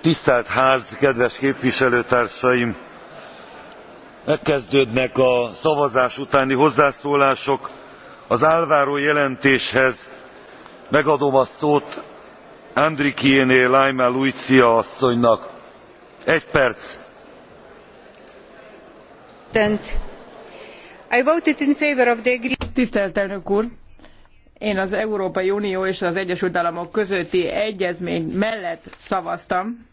tisztelt ház kedves képviselőtársaim megkezdődnek a szavazás utáni hozzászólások az alvaro jelentéshez megadom a szót andrikiené laima luizia asszonynak. egy perc. tisztelt elnök úr! én az európai unió és az egyesült államok közötti egyezmény mellett szavaztam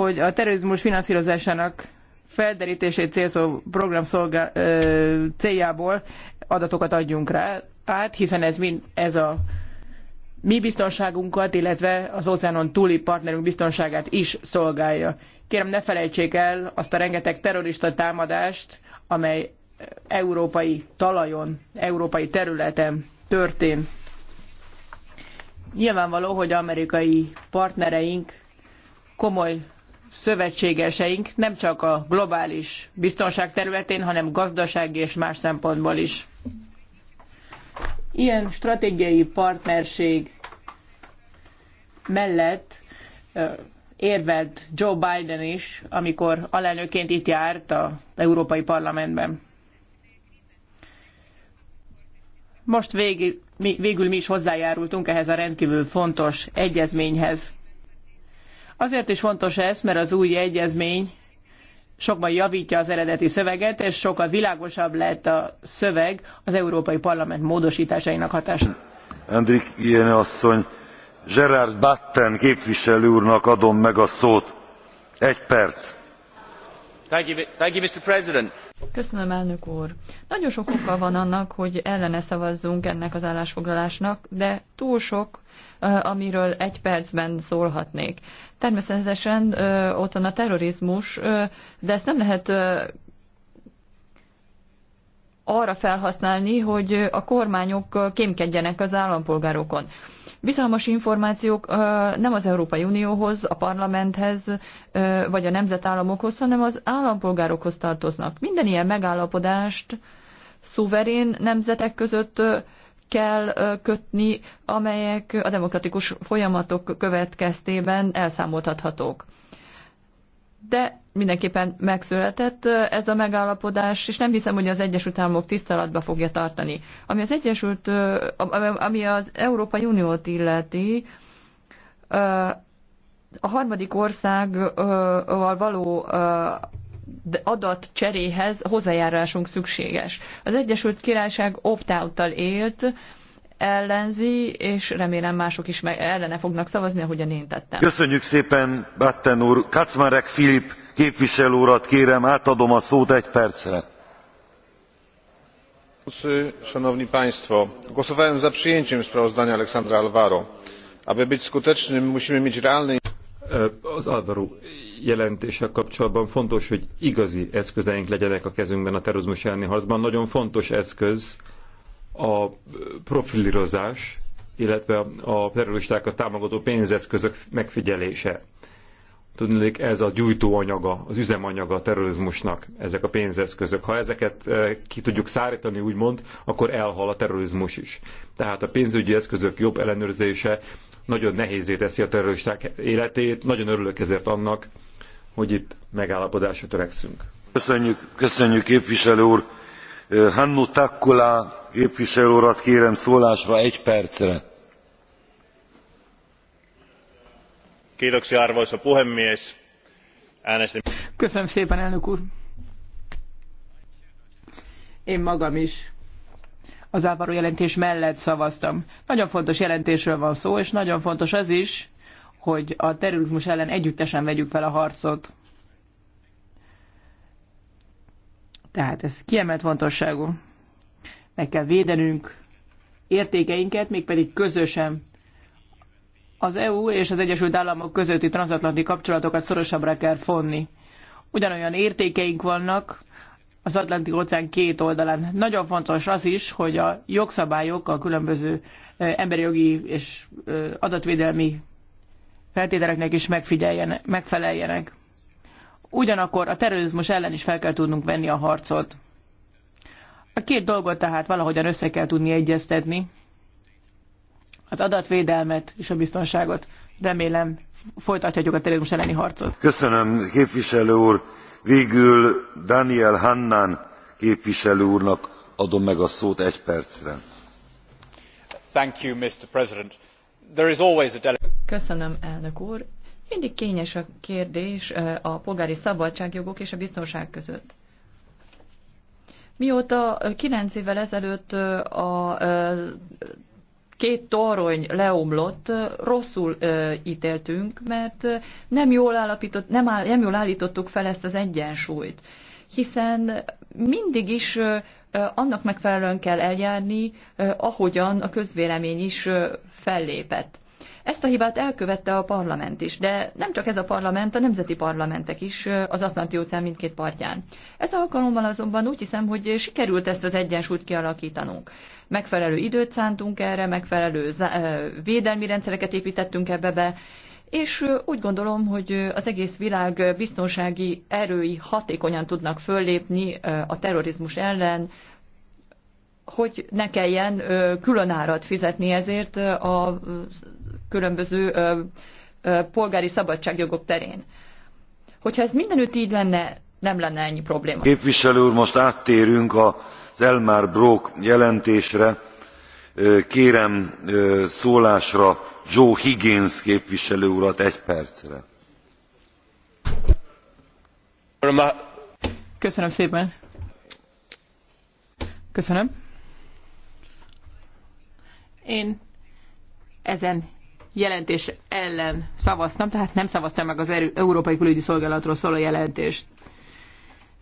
hogy a terrorizmus finanszírozásának felderítését célzó program szolgál, ö, céljából adatokat adjunk rá, át, hiszen ez, mind, ez a mi biztonságunkat, illetve az óceánon túli partnerünk biztonságát is szolgálja. Kérem, ne felejtsék el azt a rengeteg terrorista támadást, amely európai talajon, európai területen történt. Nyilvánvaló, hogy amerikai partnereink komoly szövetségeseink nem csak a globális biztonság területén, hanem gazdasági és más szempontból is. Ilyen stratégiai partnerség mellett érvelt Joe Biden is, amikor alelnöként itt járt az Európai Parlamentben. Most végül, mi, végül mi is hozzájárultunk ehhez a rendkívül fontos egyezményhez. Azért is fontos ez, mert az új egyezmény sokban javítja az eredeti szöveget, és sokkal világosabb lett a szöveg az Európai Parlament módosításainak hatása. Andrik Ilyen asszony, Gerard Batten képviselő úrnak adom meg a szót. Egy perc Köszönöm, elnök úr. Nagyon sok oka van annak, hogy ellene szavazzunk ennek az állásfoglalásnak, de túl sok, amiről egy percben szólhatnék. Természetesen ott van a terrorizmus, de ezt nem lehet arra felhasználni, hogy a kormányok kémkedjenek az állampolgárokon. Bizalmas információk nem az Európai Unióhoz, a parlamenthez, vagy a nemzetállamokhoz, hanem az állampolgárokhoz tartoznak. Minden ilyen megállapodást szuverén nemzetek között kell kötni, amelyek a demokratikus folyamatok következtében elszámoltathatók. De mindenképpen megszületett ez a megállapodás, és nem hiszem, hogy az Egyesült Államok tiszteletbe fogja tartani. Ami az Egyesült, ami az Európai Uniót illeti, a harmadik országval való adatcseréhez hozzájárulásunk szükséges. Az Egyesült Királyság opt élt, ellenzi, és remélem mások is ellene fognak szavazni, ahogyan én tettem. Köszönjük szépen, Batten úr. Kacmarek Filip képviselő urat kérem átadom a szót egy percre. głosowałem za przyjęciem sprawozdania alexandra alvaro. aby być skutecznym musimy mieć realny. az alvaro jelentéssel kapcsolatban fontos hogy igazi eszközeink legyenek a kezünkben a terrorizmus elleni harcban. nagyon fontos eszköz a profilirozás, illetve a terroristákat támogató pénzeszközök megfigyelése Tudnék, ez a gyújtóanyaga, az üzemanyaga a terrorizmusnak, ezek a pénzeszközök. Ha ezeket eh, ki tudjuk szárítani, úgymond, akkor elhal a terrorizmus is. Tehát a pénzügyi eszközök jobb ellenőrzése nagyon nehézé teszi a terroristák életét. Nagyon örülök ezért annak, hogy itt megállapodásra törekszünk. Köszönjük, köszönjük képviselő úr. Eh, Hannu Takkula képviselő urat kérem szólásra egy percre. arvoisa puhemies äänestin. köszönöm szépen elnök úr én magam is az álvaro jelentés mellett szavaztam. Nagyon fontos jelentésről van szó, és nagyon fontos az is, hogy a terrorizmus ellen együttesen vegyük fel a harcot. Tehát ez kiemelt fontosságú. Meg kell védenünk értékeinket, mégpedig közösen az EU és az Egyesült Államok közötti transatlanti kapcsolatokat szorosabbra kell fonni. Ugyanolyan értékeink vannak az Atlanti óceán két oldalán. Nagyon fontos az is, hogy a jogszabályok a különböző emberi jogi és adatvédelmi feltételeknek is megfeleljenek. Ugyanakkor a terrorizmus ellen is fel kell tudnunk venni a harcot. A két dolgot tehát valahogyan össze kell tudni egyeztetni az adatvédelmet és a biztonságot. Remélem folytathatjuk a terrorizmus elleni harcot. Köszönöm, képviselő úr. Végül Daniel Hannan képviselő úrnak adom meg a szót egy percre. You, Mr. President. There is always a Köszönöm, elnök úr. Mindig kényes a kérdés a polgári szabadságjogok és a biztonság között. Mióta 9 évvel ezelőtt a két torony leomlott, rosszul ítéltünk, mert nem jól, állapított, nem, áll, nem jól állítottuk fel ezt az egyensúlyt. Hiszen mindig is annak megfelelően kell eljárni, ahogyan a közvélemény is fellépett. Ezt a hibát elkövette a parlament is, de nem csak ez a parlament, a nemzeti parlamentek is az Atlanti-óceán mindkét partján. Ez alkalommal azonban úgy hiszem, hogy sikerült ezt az egyensúlyt kialakítanunk megfelelő időt szántunk erre, megfelelő védelmi rendszereket építettünk ebbe be, és úgy gondolom, hogy az egész világ biztonsági erői hatékonyan tudnak föllépni a terrorizmus ellen, hogy ne kelljen külön árat fizetni ezért a különböző polgári szabadságjogok terén. Hogyha ez mindenütt így lenne, nem lenne ennyi probléma. Képviselő úr, most áttérünk az Elmar Brok jelentésre. Kérem szólásra Joe Higgins képviselő urat egy percre. Köszönöm szépen. Köszönöm. Én ezen jelentés ellen szavaztam, tehát nem szavaztam meg az Európai Külügyi Szolgálatról szóló jelentést.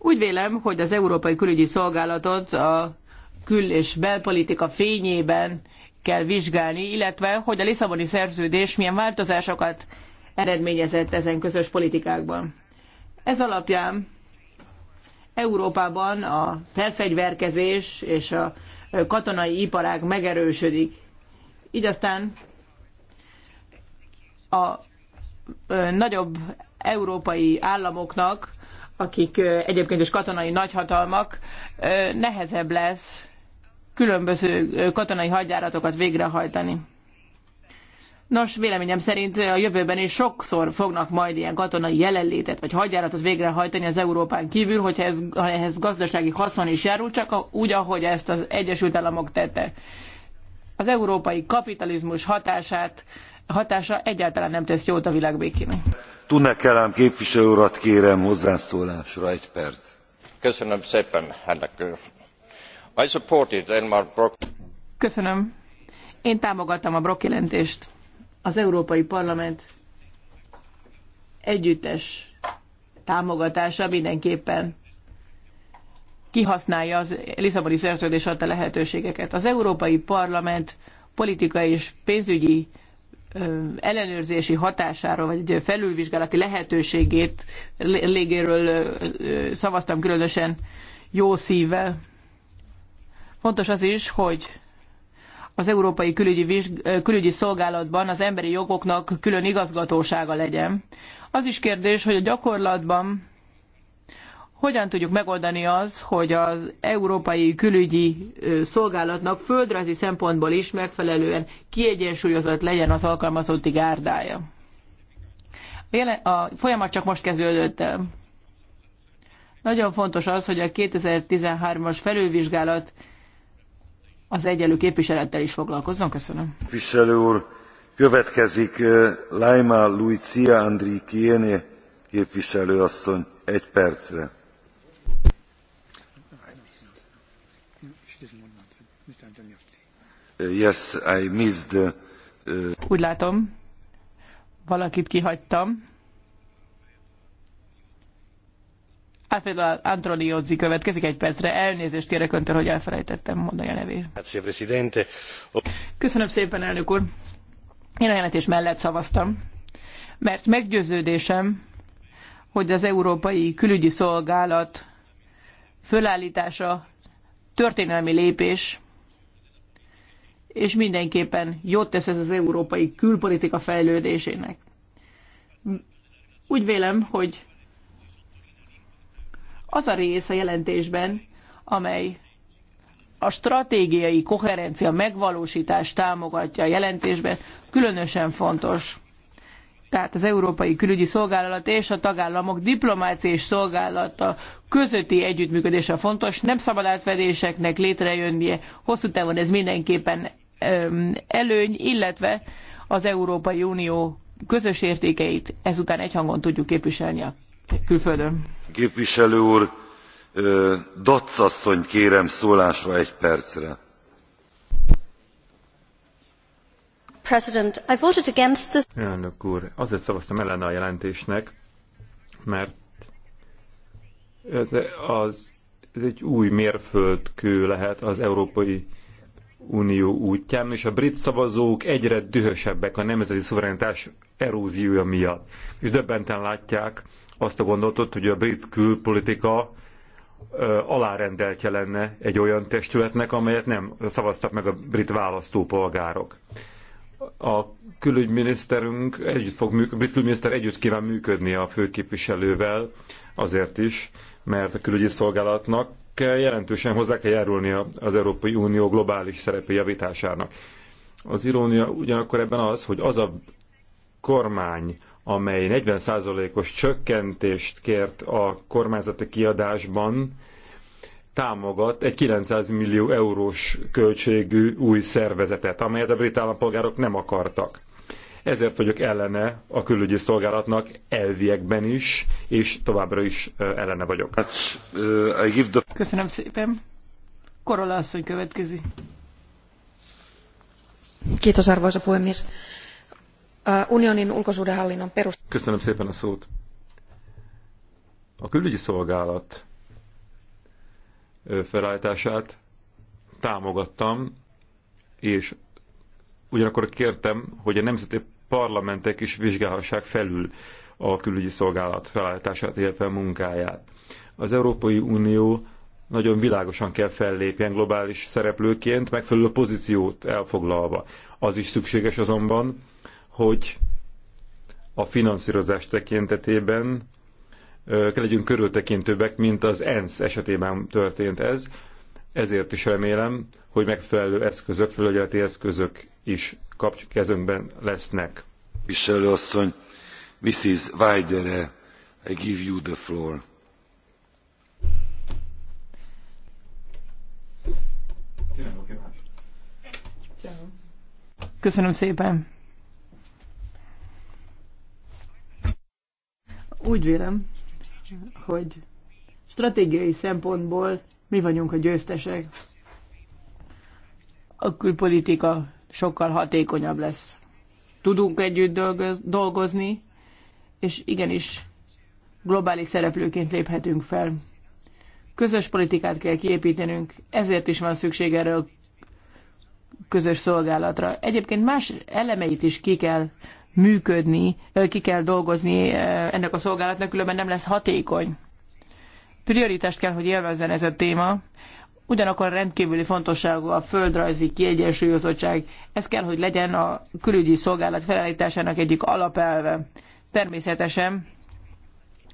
Úgy vélem, hogy az Európai Külügyi Szolgálatot a kül- és belpolitika fényében kell vizsgálni, illetve hogy a Lisszaboni szerződés milyen változásokat eredményezett ezen közös politikákban. Ez alapján Európában a felfegyverkezés és a katonai iparág megerősödik. Így aztán a nagyobb európai államoknak akik egyébként is katonai nagyhatalmak, nehezebb lesz különböző katonai hadjáratokat végrehajtani. Nos, véleményem szerint a jövőben is sokszor fognak majd ilyen katonai jelenlétet vagy hadjáratot végrehajtani az Európán kívül, hogyha ez, ha ehhez gazdasági haszon is járul, csak úgy, ahogy ezt az Egyesült Államok tette. Az európai kapitalizmus hatását hatása egyáltalán nem tesz jót a világ békének. Tudnak elám képviselő urat kérem hozzászólásra egy perc. Köszönöm szépen, elnök I supported Elmar Brock. Köszönöm. Én támogattam a Brock jelentést. Az Európai Parlament együttes támogatása mindenképpen kihasználja az Lisszaboni szerződés adta lehetőségeket. Az Európai Parlament politikai és pénzügyi ellenőrzési hatásáról, vagy felülvizsgálati lehetőségét légéről szavaztam különösen jó szívvel. Fontos az is, hogy az Európai Külügyi, Külügyi Szolgálatban az emberi jogoknak külön igazgatósága legyen. Az is kérdés, hogy a gyakorlatban hogyan tudjuk megoldani az, hogy az Európai Külügyi Szolgálatnak földrajzi szempontból is megfelelően kiegyensúlyozott legyen az alkalmazotti gárdája. A, jelen, a folyamat csak most kezdődött el. Nagyon fontos az, hogy a 2013-as felülvizsgálat az egyenlő képviselettel is foglalkozzon. Köszönöm. Képviselő úr, következik Laima Lucia Andri Kiene képviselőasszony egy percre Yes, I missed the, uh, Úgy látom, valakit kihagytam. Alfredo Antoniozzi következik egy percre. Elnézést kérek öntől, hogy elfelejtettem mondani a nevét. Köszönöm szépen, elnök úr. Én a jelentés mellett szavaztam, mert meggyőződésem, hogy az Európai Külügyi Szolgálat fölállítása történelmi lépés és mindenképpen jót tesz ez az európai külpolitika fejlődésének. Úgy vélem, hogy az a rész a jelentésben, amely a stratégiai koherencia megvalósítást támogatja a jelentésben, különösen fontos. Tehát az Európai Külügyi Szolgálat és a tagállamok diplomáciai szolgálata közötti együttműködése fontos, nem szabad átfedéseknek létrejönnie. Hosszú távon ez mindenképpen előny, illetve az Európai Unió közös értékeit ezután egyhangon tudjuk képviselni a külföldön. Képviselő úr, Dacz kérem szólásra egy percre. President, I voted against this... Elnök úr, azért szavaztam ellene a jelentésnek, mert ez, az, ez egy új mérföldkő lehet az európai Unió útján, és a brit szavazók egyre dühösebbek a nemzeti szuverenitás eróziója miatt. És döbbenten látják azt a gondolatot, hogy a brit külpolitika alárendeltje lenne egy olyan testületnek, amelyet nem szavaztak meg a brit választópolgárok. A külügyminiszterünk együtt fog működni, a brit külügyminiszter együtt kíván működni a főképviselővel, azért is, mert a külügyi szolgálatnak jelentősen hozzá kell járulni az Európai Unió globális szerepe javításának. Az irónia ugyanakkor ebben az, hogy az a kormány, amely 40%-os csökkentést kért a kormányzati kiadásban, támogat egy 900 millió eurós költségű új szervezetet, amelyet a brit állampolgárok nem akartak. Ezért vagyok ellene a külügyi szolgálatnak elviekben is, és továbbra is ellene vagyok. Köszönöm szépen. Korola asszony következik. Kiitos arvoisa puhemies. Unionin ulkosuudenhallinnon perus... Köszönöm szépen a szót. A külügyi szolgálat felállítását támogattam, és ugyanakkor kértem, hogy a nemzeti parlamentek is vizsgálhassák felül a külügyi szolgálat felállítását, illetve munkáját. Az Európai Unió nagyon világosan kell fellépjen globális szereplőként, megfelelő pozíciót elfoglalva. Az is szükséges azonban, hogy a finanszírozás tekintetében legyünk körültekintőbbek, mint az ENSZ esetében történt ez. Ezért is remélem, hogy megfelelő eszközök, felügyeleti eszközök is kapcs kezemben lesznek. Viselő asszony, Mrs. Weidere, I give you the floor. Köszönöm szépen. Úgy vélem, hogy stratégiai szempontból mi vagyunk a győztesek. A külpolitika sokkal hatékonyabb lesz. Tudunk együtt dolgozni, és igenis globális szereplőként léphetünk fel. Közös politikát kell kiépítenünk, ezért is van szükség erre a közös szolgálatra. Egyébként más elemeit is ki kell működni, ki kell dolgozni ennek a szolgálatnak, különben nem lesz hatékony. Prioritást kell, hogy élvezzen ez a téma ugyanakkor rendkívüli fontosságú a földrajzi kiegyensúlyozottság. Ez kell, hogy legyen a külügyi szolgálat felállításának egyik alapelve. Természetesen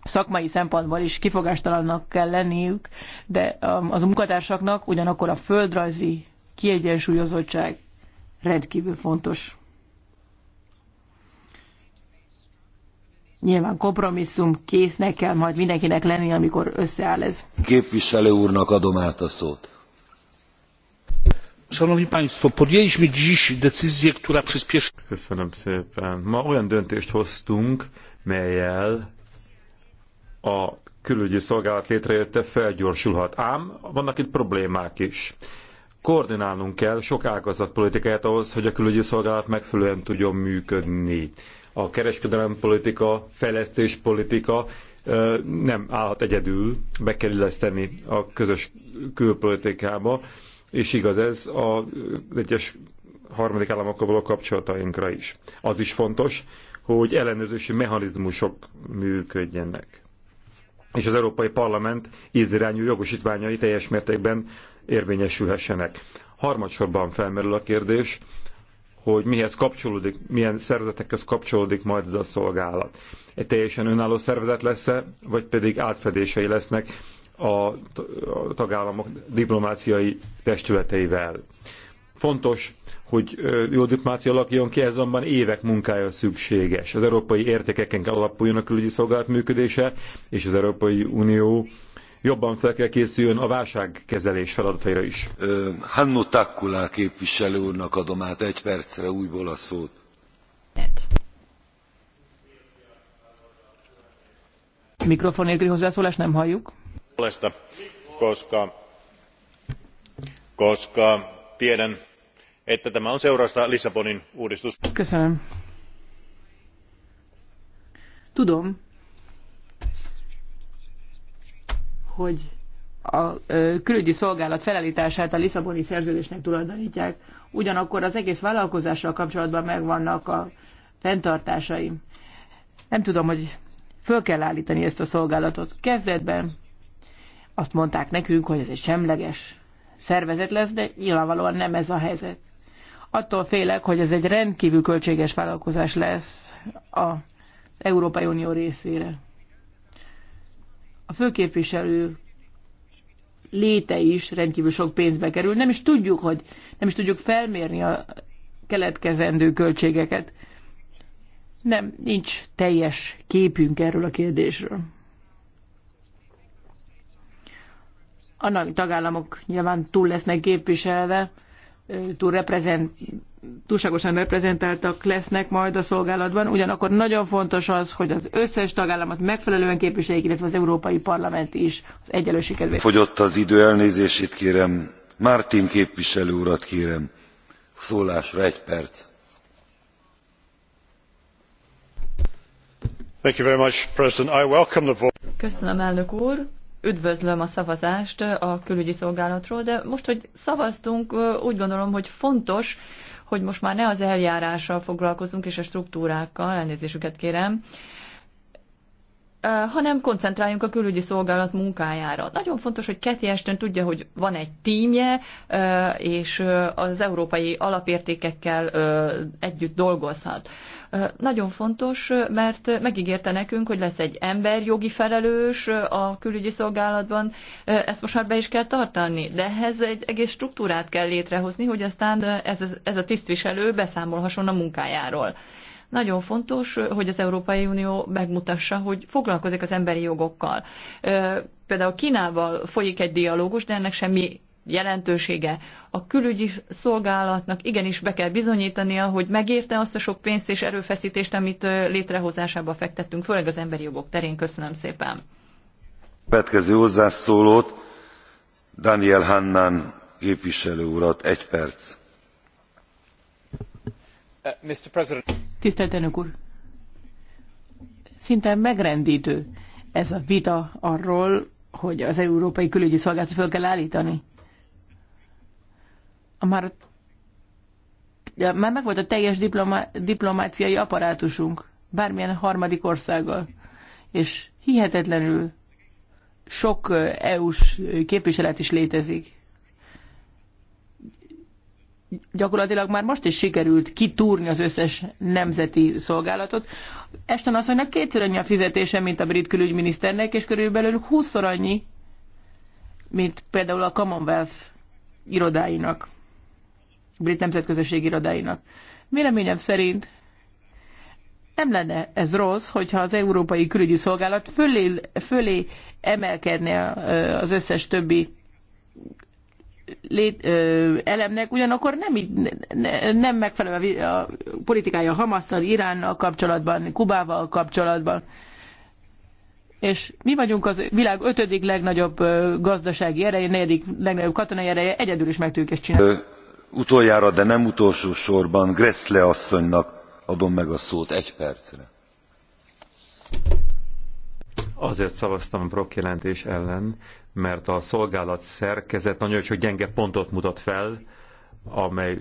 szakmai szempontból is kifogástalannak kell lenniük, de az munkatársaknak ugyanakkor a földrajzi kiegyensúlyozottság rendkívül fontos. Nyilván kompromisszum késznek kell majd mindenkinek lenni, amikor összeáll ez. Képviselő úrnak adom át a szót. Szanowni Państwo, podjęliśmy dziś decyzję, która przyspieszy... Köszönöm szépen. Ma olyan döntést hoztunk, melyel a külügyi szolgálat létrejötte felgyorsulhat. Ám vannak itt problémák is. Koordinálnunk kell sok ágazat politikáját ahhoz, hogy a külügyi szolgálat megfelelően tudjon működni a kereskedelempolitika, fejlesztéspolitika nem állhat egyedül, be kell illeszteni a közös külpolitikába, és igaz ez az egyes harmadik államokkal való kapcsolatainkra is. Az is fontos, hogy ellenőrzési mechanizmusok működjenek. És az Európai Parlament ízirányú jogosítványai teljes mértékben érvényesülhessenek. Harmadsorban felmerül a kérdés, hogy mihez kapcsolódik, milyen szervezetekhez kapcsolódik majd ez a szolgálat. Egy teljesen önálló szervezet lesz-e, vagy pedig átfedései lesznek a tagállamok diplomáciai testületeivel. Fontos, hogy jó diplomácia alakjon ki, azonban évek munkája szükséges. Az európai értékeken kell alapuljon a külügyi szolgálat működése, és az Európai Unió jobban fel kell készüljön a válságkezelés feladataira is. Hanno Takkulá képviselő úrnak adom át egy percre újból a szót. Mikrofon nélküli hozzászólás nem halljuk. Koska, koska tiedän, että tämä on seurausta Lissabonin uudistus. Köszönöm. Tudom, hogy a külügyi szolgálat felállítását a Lisszaboni szerződésnek tulajdonítják. Ugyanakkor az egész vállalkozással kapcsolatban megvannak a fenntartásaim. Nem tudom, hogy föl kell állítani ezt a szolgálatot. Kezdetben azt mondták nekünk, hogy ez egy semleges szervezet lesz, de nyilvánvalóan nem ez a helyzet. Attól félek, hogy ez egy rendkívül költséges vállalkozás lesz az Európai Unió részére a főképviselő léte is rendkívül sok pénzbe kerül. Nem is tudjuk, hogy nem is tudjuk felmérni a keletkezendő költségeket. Nem, nincs teljes képünk erről a kérdésről. Annak tagállamok nyilván túl lesznek képviselve, túl reprezent, túlságosan reprezentáltak lesznek majd a szolgálatban, ugyanakkor nagyon fontos az, hogy az összes tagállamot megfelelően képviseljék, illetve az Európai Parlament is az egyenlőség kedvéért. Fogyott az idő, elnézését kérem. Martin képviselő urat kérem. Szólásra egy perc. Köszönöm, elnök úr üdvözlöm a szavazást a külügyi szolgálatról, de most, hogy szavaztunk, úgy gondolom, hogy fontos, hogy most már ne az eljárással foglalkozunk és a struktúrákkal, elnézésüket kérem, hanem koncentráljunk a külügyi szolgálat munkájára. Nagyon fontos, hogy Kathy Ashton tudja, hogy van egy tímje, és az európai alapértékekkel együtt dolgozhat. Nagyon fontos, mert megígérte nekünk, hogy lesz egy emberjogi felelős a külügyi szolgálatban. Ezt most már be is kell tartani, de ehhez egy egész struktúrát kell létrehozni, hogy aztán ez, ez a tisztviselő beszámolhasson a munkájáról. Nagyon fontos, hogy az Európai Unió megmutassa, hogy foglalkozik az emberi jogokkal. Például Kínával folyik egy dialógus, de ennek semmi jelentősége. A külügyi szolgálatnak igenis be kell bizonyítania, hogy megérte azt a sok pénzt és erőfeszítést, amit létrehozásába fektettünk, főleg az emberi jogok terén. Köszönöm szépen. Következő hozzászólót Daniel Hannan képviselő urat, egy perc. Uh, Mr. President Tisztelt Önök úr! Szinte megrendítő ez a vita arról, hogy az Európai Külügyi Szolgálatot fel kell állítani. A már, már megvolt a teljes diploma, diplomáciai apparátusunk bármilyen harmadik országgal. És hihetetlenül sok EU-s képviselet is létezik gyakorlatilag már most is sikerült kitúrni az összes nemzeti szolgálatot. Esten asszonynak kétszer annyi a fizetése, mint a brit külügyminiszternek, és körülbelül 20 annyi, mint például a Commonwealth irodáinak, a brit nemzetközösség irodáinak. Véleményem szerint nem lenne ez rossz, hogyha az Európai Külügyi Szolgálat fölé, fölé emelkedne az összes többi lét, ö, elemnek, ugyanakkor nem, így, ne, nem megfelelő a, a politikája Hamasszal, Iránnal kapcsolatban, Kubával kapcsolatban. És mi vagyunk az világ ötödik legnagyobb gazdasági ereje, negyedik legnagyobb katonai ereje, egyedül is meg tudjuk ezt csinálni. Ö, utoljára, de nem utolsó sorban Gressle asszonynak adom meg a szót egy percre. Azért szavaztam a Brock jelentés ellen, mert a szolgálat szerkezet nagyon sok gyenge pontot mutat fel, amely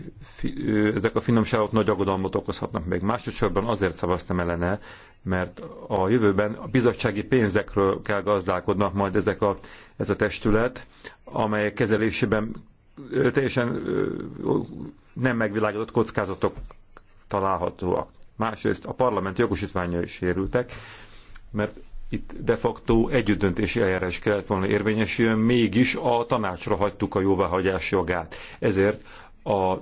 ezek a finomságok nagy aggodalmat okozhatnak meg. Másodszorban azért szavaztam ellene, mert a jövőben a bizottsági pénzekről kell gazdálkodnak majd ezek a, ez a testület, amely kezelésében teljesen nem megvilágított kockázatok találhatóak. Másrészt a parlament jogosítványai is sérültek, mert itt de facto együttdöntési eljárás kellett volna érvényesüljön, mégis a tanácsra hagytuk a jóváhagyás jogát. Ezért a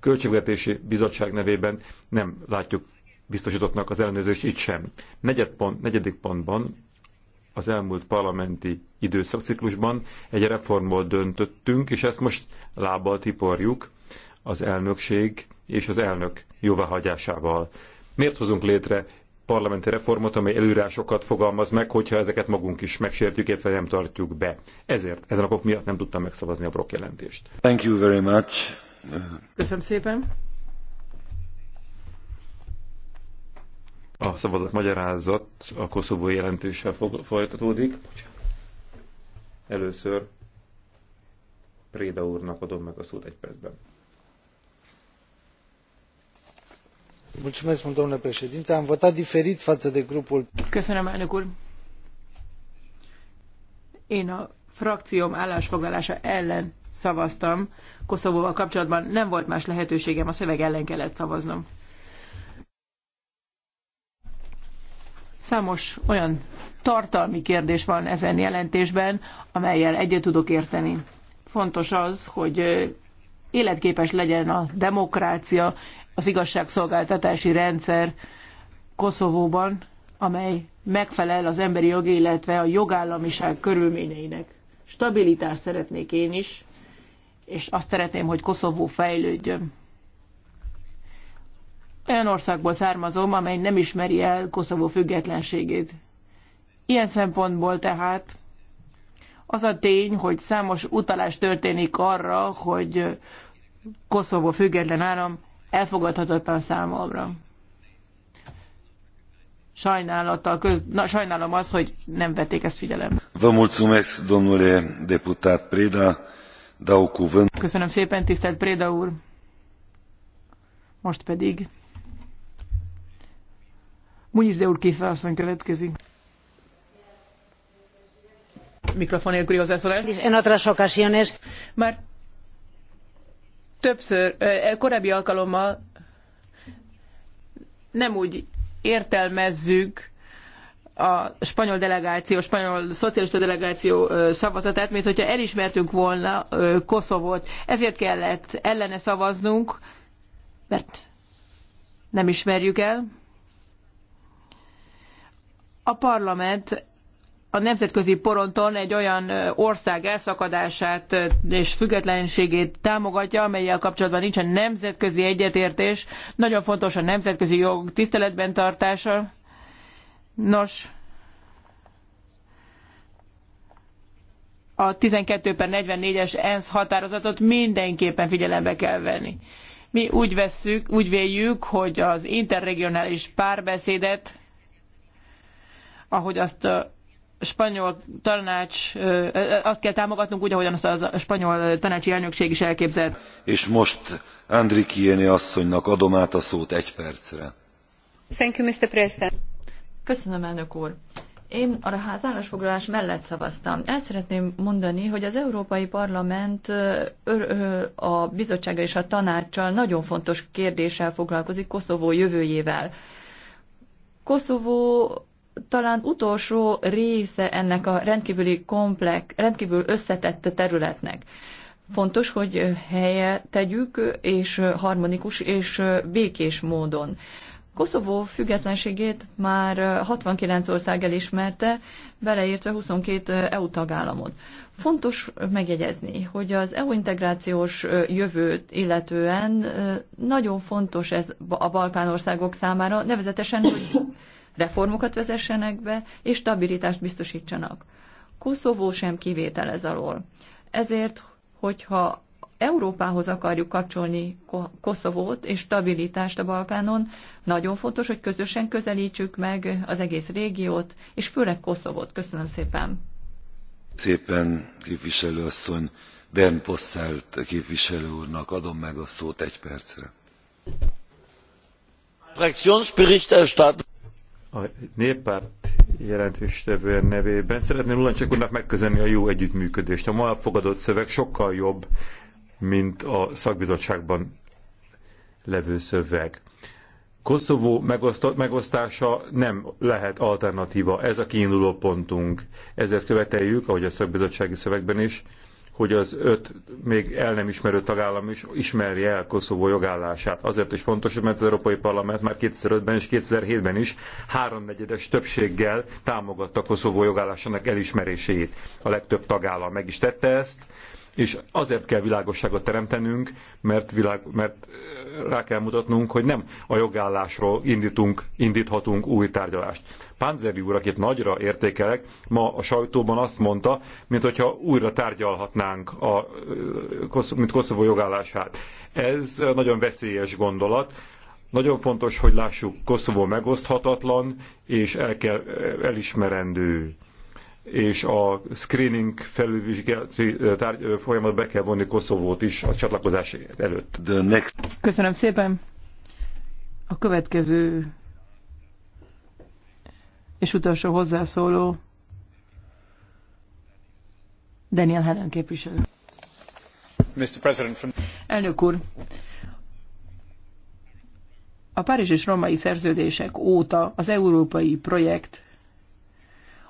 Költségvetési Bizottság nevében nem látjuk biztosítottnak az ellenőrzést itt sem. Negyed pont, negyedik pontban az elmúlt parlamenti időszakciklusban egy reformból döntöttünk, és ezt most lábbal tiporjuk az elnökség és az elnök jóváhagyásával. Miért hozunk létre parlamenti reformot, amely előrásokat fogalmaz meg, hogyha ezeket magunk is megsértjük, illetve nem tartjuk be. Ezért, ezen a miatt nem tudtam megszavazni a Brok jelentést. Thank you very much. Köszönöm szépen. A szabadat magyarázat a koszovói jelentéssel folytatódik. Először Préda úrnak adom meg a szót egy percben. am votat diferit față de grupul. Köszönöm, elnök úr. Én a frakcióm állásfoglalása ellen szavaztam. Koszovóval kapcsolatban nem volt más lehetőségem, a szöveg ellen kellett szavaznom. Számos olyan tartalmi kérdés van ezen jelentésben, amelyel egyet tudok érteni. Fontos az, hogy életképes legyen a demokrácia, az igazságszolgáltatási rendszer Koszovóban, amely megfelel az emberi jogi, illetve a jogállamiság körülményeinek. Stabilitást szeretnék én is, és azt szeretném, hogy Koszovó fejlődjön. Olyan országból származom, amely nem ismeri el Koszovó függetlenségét. Ilyen szempontból tehát az a tény, hogy számos utalás történik arra, hogy Koszovó független állam elfogadhatatlan számomra. Sajnálattal köz... Na, sajnálom az, hogy nem vették ezt figyelembe. Vă mulțumesc, domnule deputat Preda. Dau cuvânt. Köszönöm szépen, tisztelt Préda úr. Most pedig Munyiz de úr készítasszony következik. Mikrofon nélküli hozzászólás. En otras ocasiones. Már többször, korábbi alkalommal nem úgy értelmezzük a spanyol delegáció, a spanyol szocialista delegáció szavazatát, mint hogyha elismertünk volna Koszovót. Ezért kellett ellene szavaznunk, mert nem ismerjük el. A parlament a nemzetközi poronton egy olyan ország elszakadását és függetlenségét támogatja, amelyel kapcsolatban nincsen nemzetközi egyetértés. Nagyon fontos a nemzetközi jog tiszteletben tartása. Nos, a 12 per 44-es ENSZ határozatot mindenképpen figyelembe kell venni. Mi úgy, vesszük, úgy véljük, hogy az interregionális párbeszédet, ahogy azt spanyol tanács, azt kell támogatnunk úgy, ahogyan azt a spanyol tanácsi elnökség is elképzelt. És most Andrikiéni asszonynak adom át a szót egy percre. Thank you, Mr. President. Köszönöm, elnök úr. Én a az foglalás mellett szavaztam. El szeretném mondani, hogy az Európai Parlament a bizottsággal és a tanácssal nagyon fontos kérdéssel foglalkozik Koszovó jövőjével. Koszovó talán utolsó része ennek a rendkívüli komplex, rendkívül összetett területnek. Fontos, hogy helye tegyük, és harmonikus és békés módon. Koszovó függetlenségét már 69 ország elismerte, beleértve 22 EU tagállamot. Fontos megjegyezni, hogy az EU integrációs jövőt illetően nagyon fontos ez a Balkán országok számára, nevezetesen, hogy reformokat vezessenek be, és stabilitást biztosítsanak. Koszovó sem kivétel ez alól. Ezért, hogyha Európához akarjuk kapcsolni Koszovót és stabilitást a Balkánon, nagyon fontos, hogy közösen közelítsük meg az egész régiót, és főleg Koszovót. Köszönöm szépen! Szépen, képviselőasszony, Bern Posselt képviselő úrnak adom meg a szót egy percre. Fraktionsberichterstatter a néppárt jelentéstevően nevében szeretném Lulancsek úrnak megközelni a jó együttműködést. A ma fogadott szöveg sokkal jobb, mint a szakbizottságban levő szöveg. Koszovó megosztása nem lehet alternatíva, ez a kiinduló pontunk. Ezért követeljük, ahogy a szakbizottsági szövegben is, hogy az öt még el nem ismerő tagállam is ismerje el Koszovó jogállását. Azért is fontos, mert az Európai Parlament már 2005-ben és 2007-ben is háromnegyedes többséggel támogatta Koszovó jogállásának elismerését. A legtöbb tagállam meg is tette ezt, és azért kell világosságot teremtenünk, mert, világ, mert rá kell mutatnunk, hogy nem a jogállásról indítunk, indíthatunk új tárgyalást. Pánzeri úr, akit nagyra értékelek, ma a sajtóban azt mondta, mint hogyha újra tárgyalhatnánk, a, mint Koszovó jogállását. Ez nagyon veszélyes gondolat, nagyon fontos, hogy lássuk, Koszovó megoszthatatlan, és el kell elismerendő és a screening felülvizsgálati folyamat be kell vonni Koszovót is a csatlakozás előtt. Köszönöm szépen. A következő és utolsó hozzászóló Daniel Helen képviselő. Mr. President, from... Elnök úr, a Párizs és Romai szerződések óta az európai projekt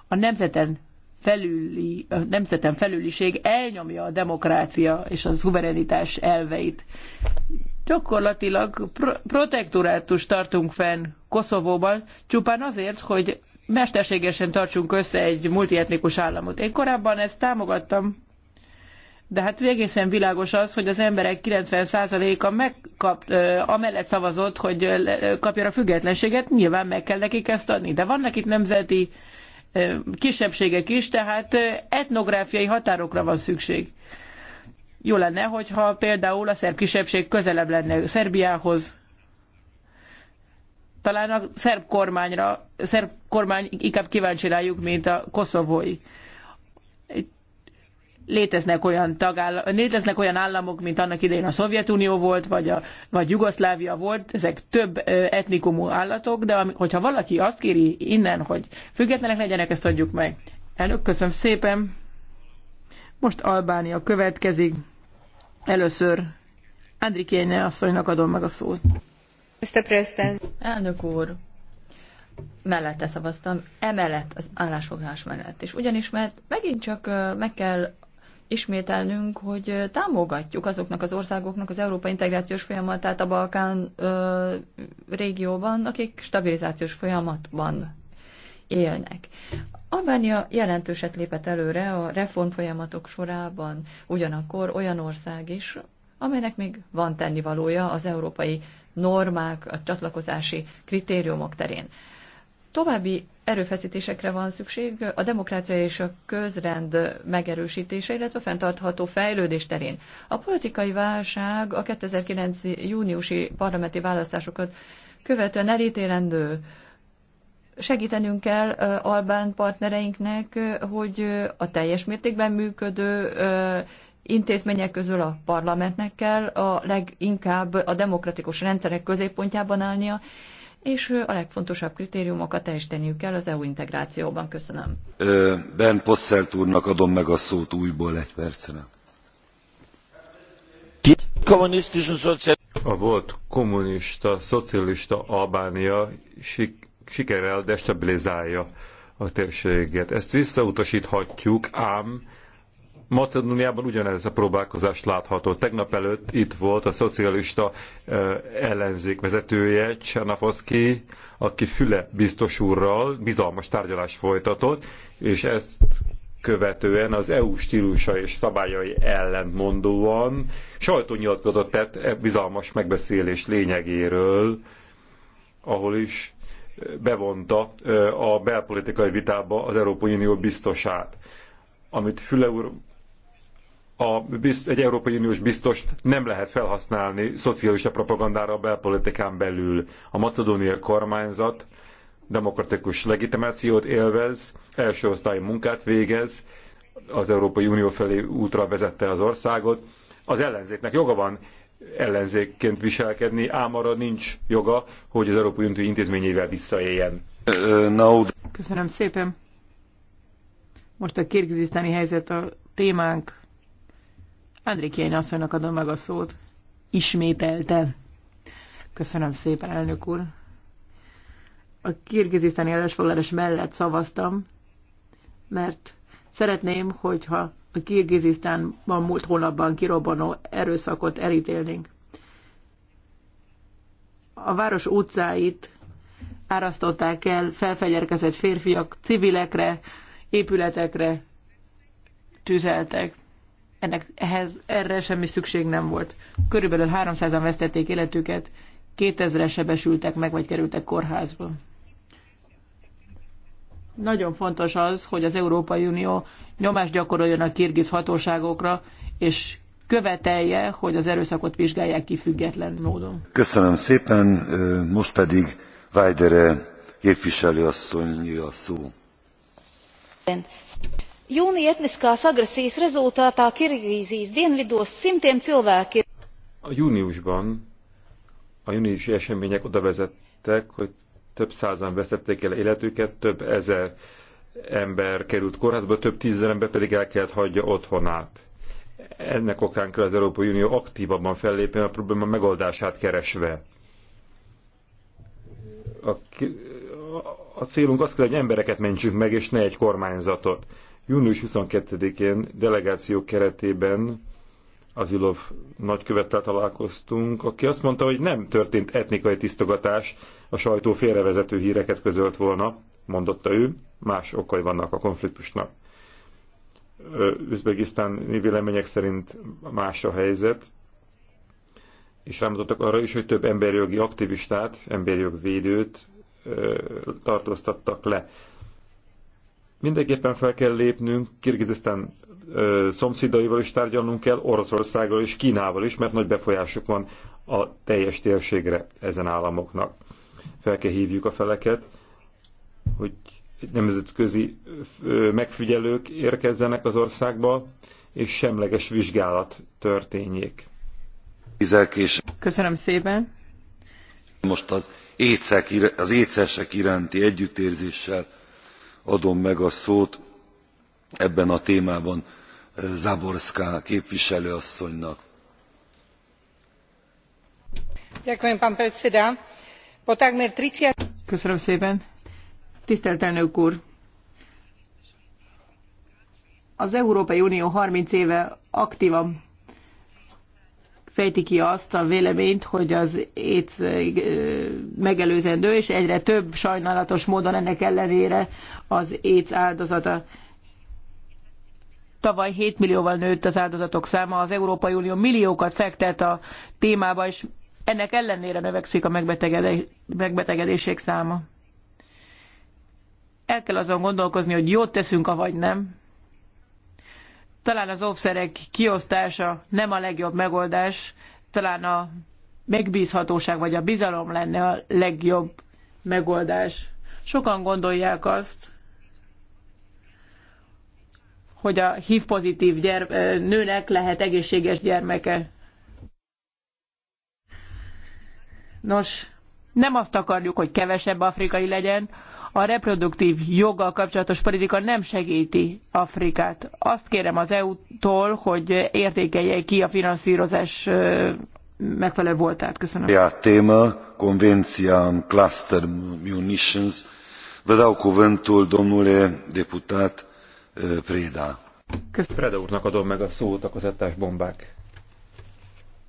a nemzeten felüli, a nemzeten felüliség elnyomja a demokrácia és a szuverenitás elveit. Gyakorlatilag pro- protektorátus tartunk fenn Koszovóban, csupán azért, hogy mesterségesen tartsunk össze egy multietnikus államot. Én korábban ezt támogattam, de hát egészen világos az, hogy az emberek 90%-a megkap, ö, amellett szavazott, hogy kapja a függetlenséget, nyilván meg kell nekik ezt adni. De vannak itt nemzeti kisebbségek is, tehát etnográfiai határokra van szükség. Jó lenne, hogyha például a szerb kisebbség közelebb lenne Szerbiához, talán a szerb kormányra, szerb kormány inkább kíváncsi rájuk, mint a koszovói léteznek olyan, tagáll- léteznek olyan államok, mint annak idején a Szovjetunió volt, vagy, a, vagy Jugoszlávia volt, ezek több etnikumú állatok, de am- hogyha valaki azt kéri innen, hogy függetlenek legyenek, ezt adjuk meg. Elnök, köszönöm szépen. Most Albánia következik. Először Andrikéne asszonynak adom meg a szót. Mr. President. Elnök úr, mellette szavaztam, emellett az állásfoglalás mellett. És ugyanis, mert megint csak meg kell ismételnünk, hogy támogatjuk azoknak az országoknak az Európa integrációs folyamatát a Balkán ö, régióban, akik stabilizációs folyamatban élnek. Albánia jelentőset lépett előre a reform folyamatok sorában, ugyanakkor olyan ország is, amelynek még van tennivalója az európai normák, a csatlakozási kritériumok terén. További erőfeszítésekre van szükség a demokrácia és a közrend megerősítése, illetve a fenntartható fejlődés terén. A politikai válság a 2009. júniusi parlamenti választásokat követően elítélendő. Segítenünk kell albán partnereinknek, hogy a teljes mértékben működő intézmények közül a parlamentnek kell a leginkább a demokratikus rendszerek középpontjában állnia, és a legfontosabb kritériumokat teljesíteniük kell az EU integrációban. Köszönöm. Ben Posselt úrnak adom meg a szót újból egy percre. A volt kommunista, szocialista Albánia sik sikerrel destabilizálja a térséget. Ezt visszautasíthatjuk, ám Macedóniában ugyanez a próbálkozás látható. Tegnap előtt itt volt a szocialista eh, ellenzék vezetője, Csernafoszki, aki Füle biztos úrral bizalmas tárgyalást folytatott, és ezt követően az EU stílusa és szabályai ellentmondóan sajtónyilatkozott tett e bizalmas megbeszélés lényegéről, ahol is eh, bevonta eh, a belpolitikai vitába az Európai Unió biztosát. Amit Füle úr a, egy Európai Uniós biztost nem lehet felhasználni szocialista propagandára a belpolitikán belül. A macedóniai kormányzat demokratikus legitimációt élvez, első osztályú munkát végez, az Európai Unió felé útra vezette az országot. Az ellenzéknek joga van ellenzékként viselkedni, ám arra nincs joga, hogy az Európai Unió intézményével visszaéljen. Köszönöm szépen. Most a kirgizisztáni helyzet a témánk. Andrikjén asszonynak adom meg a szót. Ismételte. Köszönöm szépen, elnök úr. A kirgizisztáni állásfoglalás mellett szavaztam, mert szeretném, hogyha a Kirgizisztánban múlt hónapban kirobbanó erőszakot elítélnénk. A város utcáit árasztották el felfegyerkezett férfiak, civilekre, épületekre tüzeltek ennek, ehhez, erre semmi szükség nem volt. Körülbelül 300-an vesztették életüket, 2000-re sebesültek meg, vagy kerültek kórházba. Nagyon fontos az, hogy az Európai Unió nyomást gyakoroljon a kirgiz hatóságokra, és követelje, hogy az erőszakot vizsgálják ki független módon. Köszönöm szépen, most pedig Vajdere képviselőasszony a szó jūnija etniskās agresszijas rezultátā kirgīzijas dienvidos simtiem cilvēku ir. A júniusban a júniusi események oda vezettek, hogy több százan vesztették el életüket, több ezer ember került kórházba, több tízezer ember pedig el kellett hagyja otthonát. Ennek okán kell az Európai Unió aktívabban fellépni a probléma megoldását keresve. A, a célunk az kell, hogy embereket mentsünk meg, és ne egy kormányzatot. Június 22-én delegáció keretében az Ilov nagykövettel találkoztunk, aki azt mondta, hogy nem történt etnikai tisztogatás, a sajtó félrevezető híreket közölt volna, mondotta ő, más okai vannak a konfliktusnak. Üzbegisztáni vélemények szerint más a helyzet, és rámutattak arra is, hogy több emberjogi aktivistát, emberjogvédőt tartóztattak le Mindenképpen fel kell lépnünk, Kirgizisztán szomszédaival is tárgyalnunk kell, Oroszországgal és Kínával is, mert nagy befolyásuk van a teljes térségre ezen államoknak. Fel kell hívjuk a feleket, hogy nemzetközi megfigyelők érkezzenek az országba, és semleges vizsgálat történjék. Köszönöm szépen! Most az, écek, az écesek iránti együttérzéssel adom meg a szót ebben a témában eh, záborská képviselő asszonynak. Köszönöm szépen. tisztelt elnök úr! az európai unió thirty éve aktvan fejti ki azt a véleményt, hogy az éc megelőzendő, és egyre több sajnálatos módon ennek ellenére az éc áldozata. Tavaly 7 millióval nőtt az áldozatok száma, az Európai Unió milliókat fektet a témába, és ennek ellenére növekszik a megbetegedések száma. El kell azon gondolkozni, hogy jót teszünk, avagy nem talán az offszerek kiosztása nem a legjobb megoldás, talán a megbízhatóság vagy a bizalom lenne a legjobb megoldás. Sokan gondolják azt, hogy a HIV pozitív gyerm- nőnek lehet egészséges gyermeke. Nos, nem azt akarjuk, hogy kevesebb afrikai legyen, a reproduktív joggal kapcsolatos politika nem segíti Afrikát. Azt kérem az EU-tól, hogy értékelje ki a finanszírozás megfelelő voltát. Köszönöm. A téma, Convenția Cluster Munitions. Vă dau cuvântul, domnule deputat Preda. Köszönöm. Preda úrnak adom meg a szót a kazettás bombák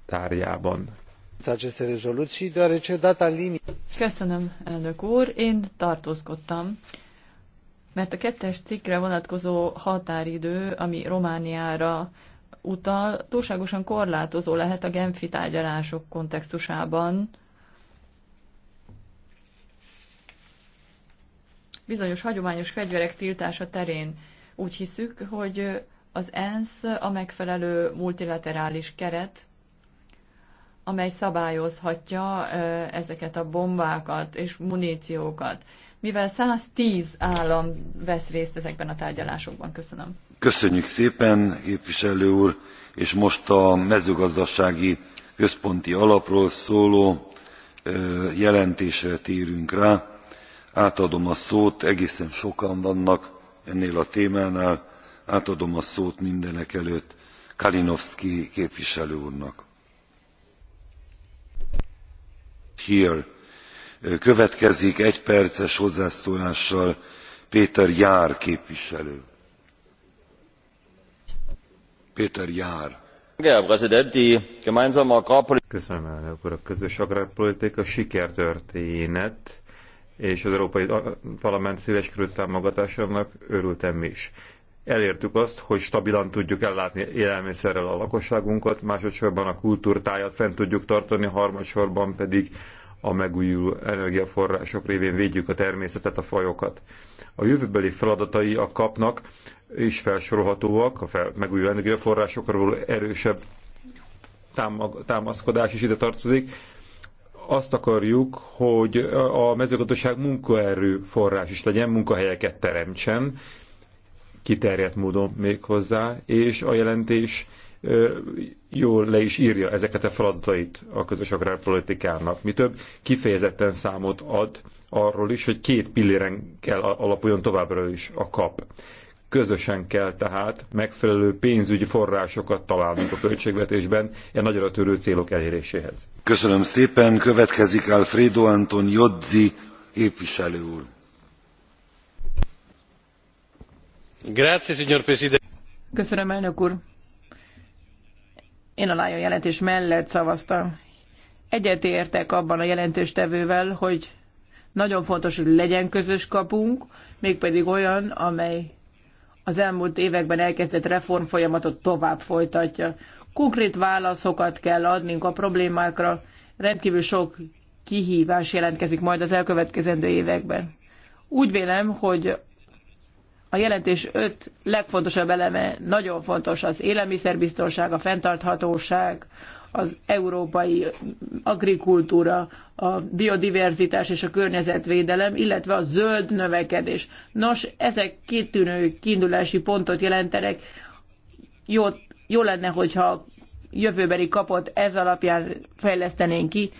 tárgyában aceste rezoluții, deoarece data limită... Köszönöm, elnök úr. Én tartózkodtam, mert a kettes cikkre vonatkozó határidő, ami Romániára utal, túlságosan korlátozó lehet a Genfi tárgyalások kontextusában. Bizonyos hagyományos fegyverek tiltása terén úgy hiszük, hogy az ENSZ a megfelelő multilaterális keret amely szabályozhatja ezeket a bombákat és muníciókat. Mivel 110 állam vesz részt ezekben a tárgyalásokban. Köszönöm. Köszönjük szépen, képviselő úr, és most a mezőgazdasági központi alapról szóló jelentésre térünk rá. Átadom a szót, egészen sokan vannak ennél a témánál, átadom a szót mindenekelőtt előtt Kalinowski képviselő úrnak. here. következik perces hozzászólással péter jár képviselő. péter jár. Köszönöm, elnök úr. A közös agrárpolitika sikertörténet, és az Európai Parlament széleskörű támogatásának örültem is elértük azt, hogy stabilan tudjuk ellátni élelmiszerrel a lakosságunkat, másodszorban a kultúrtájat fent tudjuk tartani, harmadsorban pedig a megújuló energiaforrások révén védjük a természetet, a fajokat. A jövőbeli feladatai a kapnak is felsorolhatóak, a fel, megújuló energiaforrásokra való erősebb támaszkodás is ide tartozik. Azt akarjuk, hogy a mezőgazdaság munkaerő forrás is legyen, munkahelyeket teremtsen, kiterjedt módon még hozzá, és a jelentés jól le is írja ezeket a feladatait a közös agrárpolitikának. Mi több, kifejezetten számot ad arról is, hogy két pilléren kell alapuljon továbbra is a kap. Közösen kell tehát megfelelő pénzügyi forrásokat találnunk a költségvetésben ilyen nagyra törő célok eléréséhez. Köszönöm szépen. Következik Alfredo Anton Jodzi képviselő úr. Grazie, signor Presidente. Köszönöm, elnök úr. Én a Lion jelentés mellett szavaztam. Egyetértek abban a jelentéstevővel, hogy nagyon fontos, hogy legyen közös kapunk, mégpedig olyan, amely az elmúlt években elkezdett reformfolyamatot tovább folytatja. Konkrét válaszokat kell adnunk a problémákra, rendkívül sok kihívás jelentkezik majd az elkövetkezendő években. Úgy vélem, hogy a jelentés öt legfontosabb eleme nagyon fontos, az élelmiszerbiztonság, a fenntarthatóság, az európai agrikultúra, a biodiverzitás és a környezetvédelem, illetve a zöld növekedés. Nos, ezek kitűnő kiindulási pontot jelentenek. Jó, jó lenne, hogyha jövőbeli kapot ez alapján fejlesztenénk ki.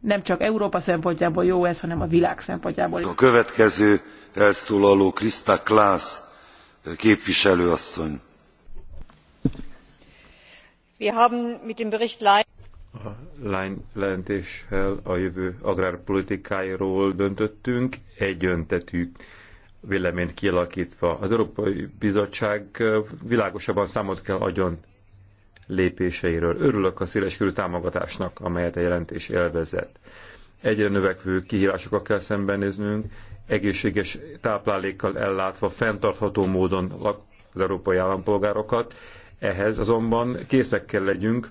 Nem csak Európa szempontjából jó ez, hanem a világ szempontjából. A következő felszólaló Krista Klaas képviselő asszony. A Line jelentéssel a jövő agrárpolitikáiról döntöttünk, egyöntetű véleményt kialakítva. Az Európai Bizottság eh, világosabban számot kell adjon lépéseiről. Örülök a széleskörű támogatásnak, amelyet a jelentés élvezett. Egyre növekvő kihívásokkal kell szembenéznünk, egészséges táplálékkal ellátva fenntartható módon az európai állampolgárokat. Ehhez azonban készek kell legyünk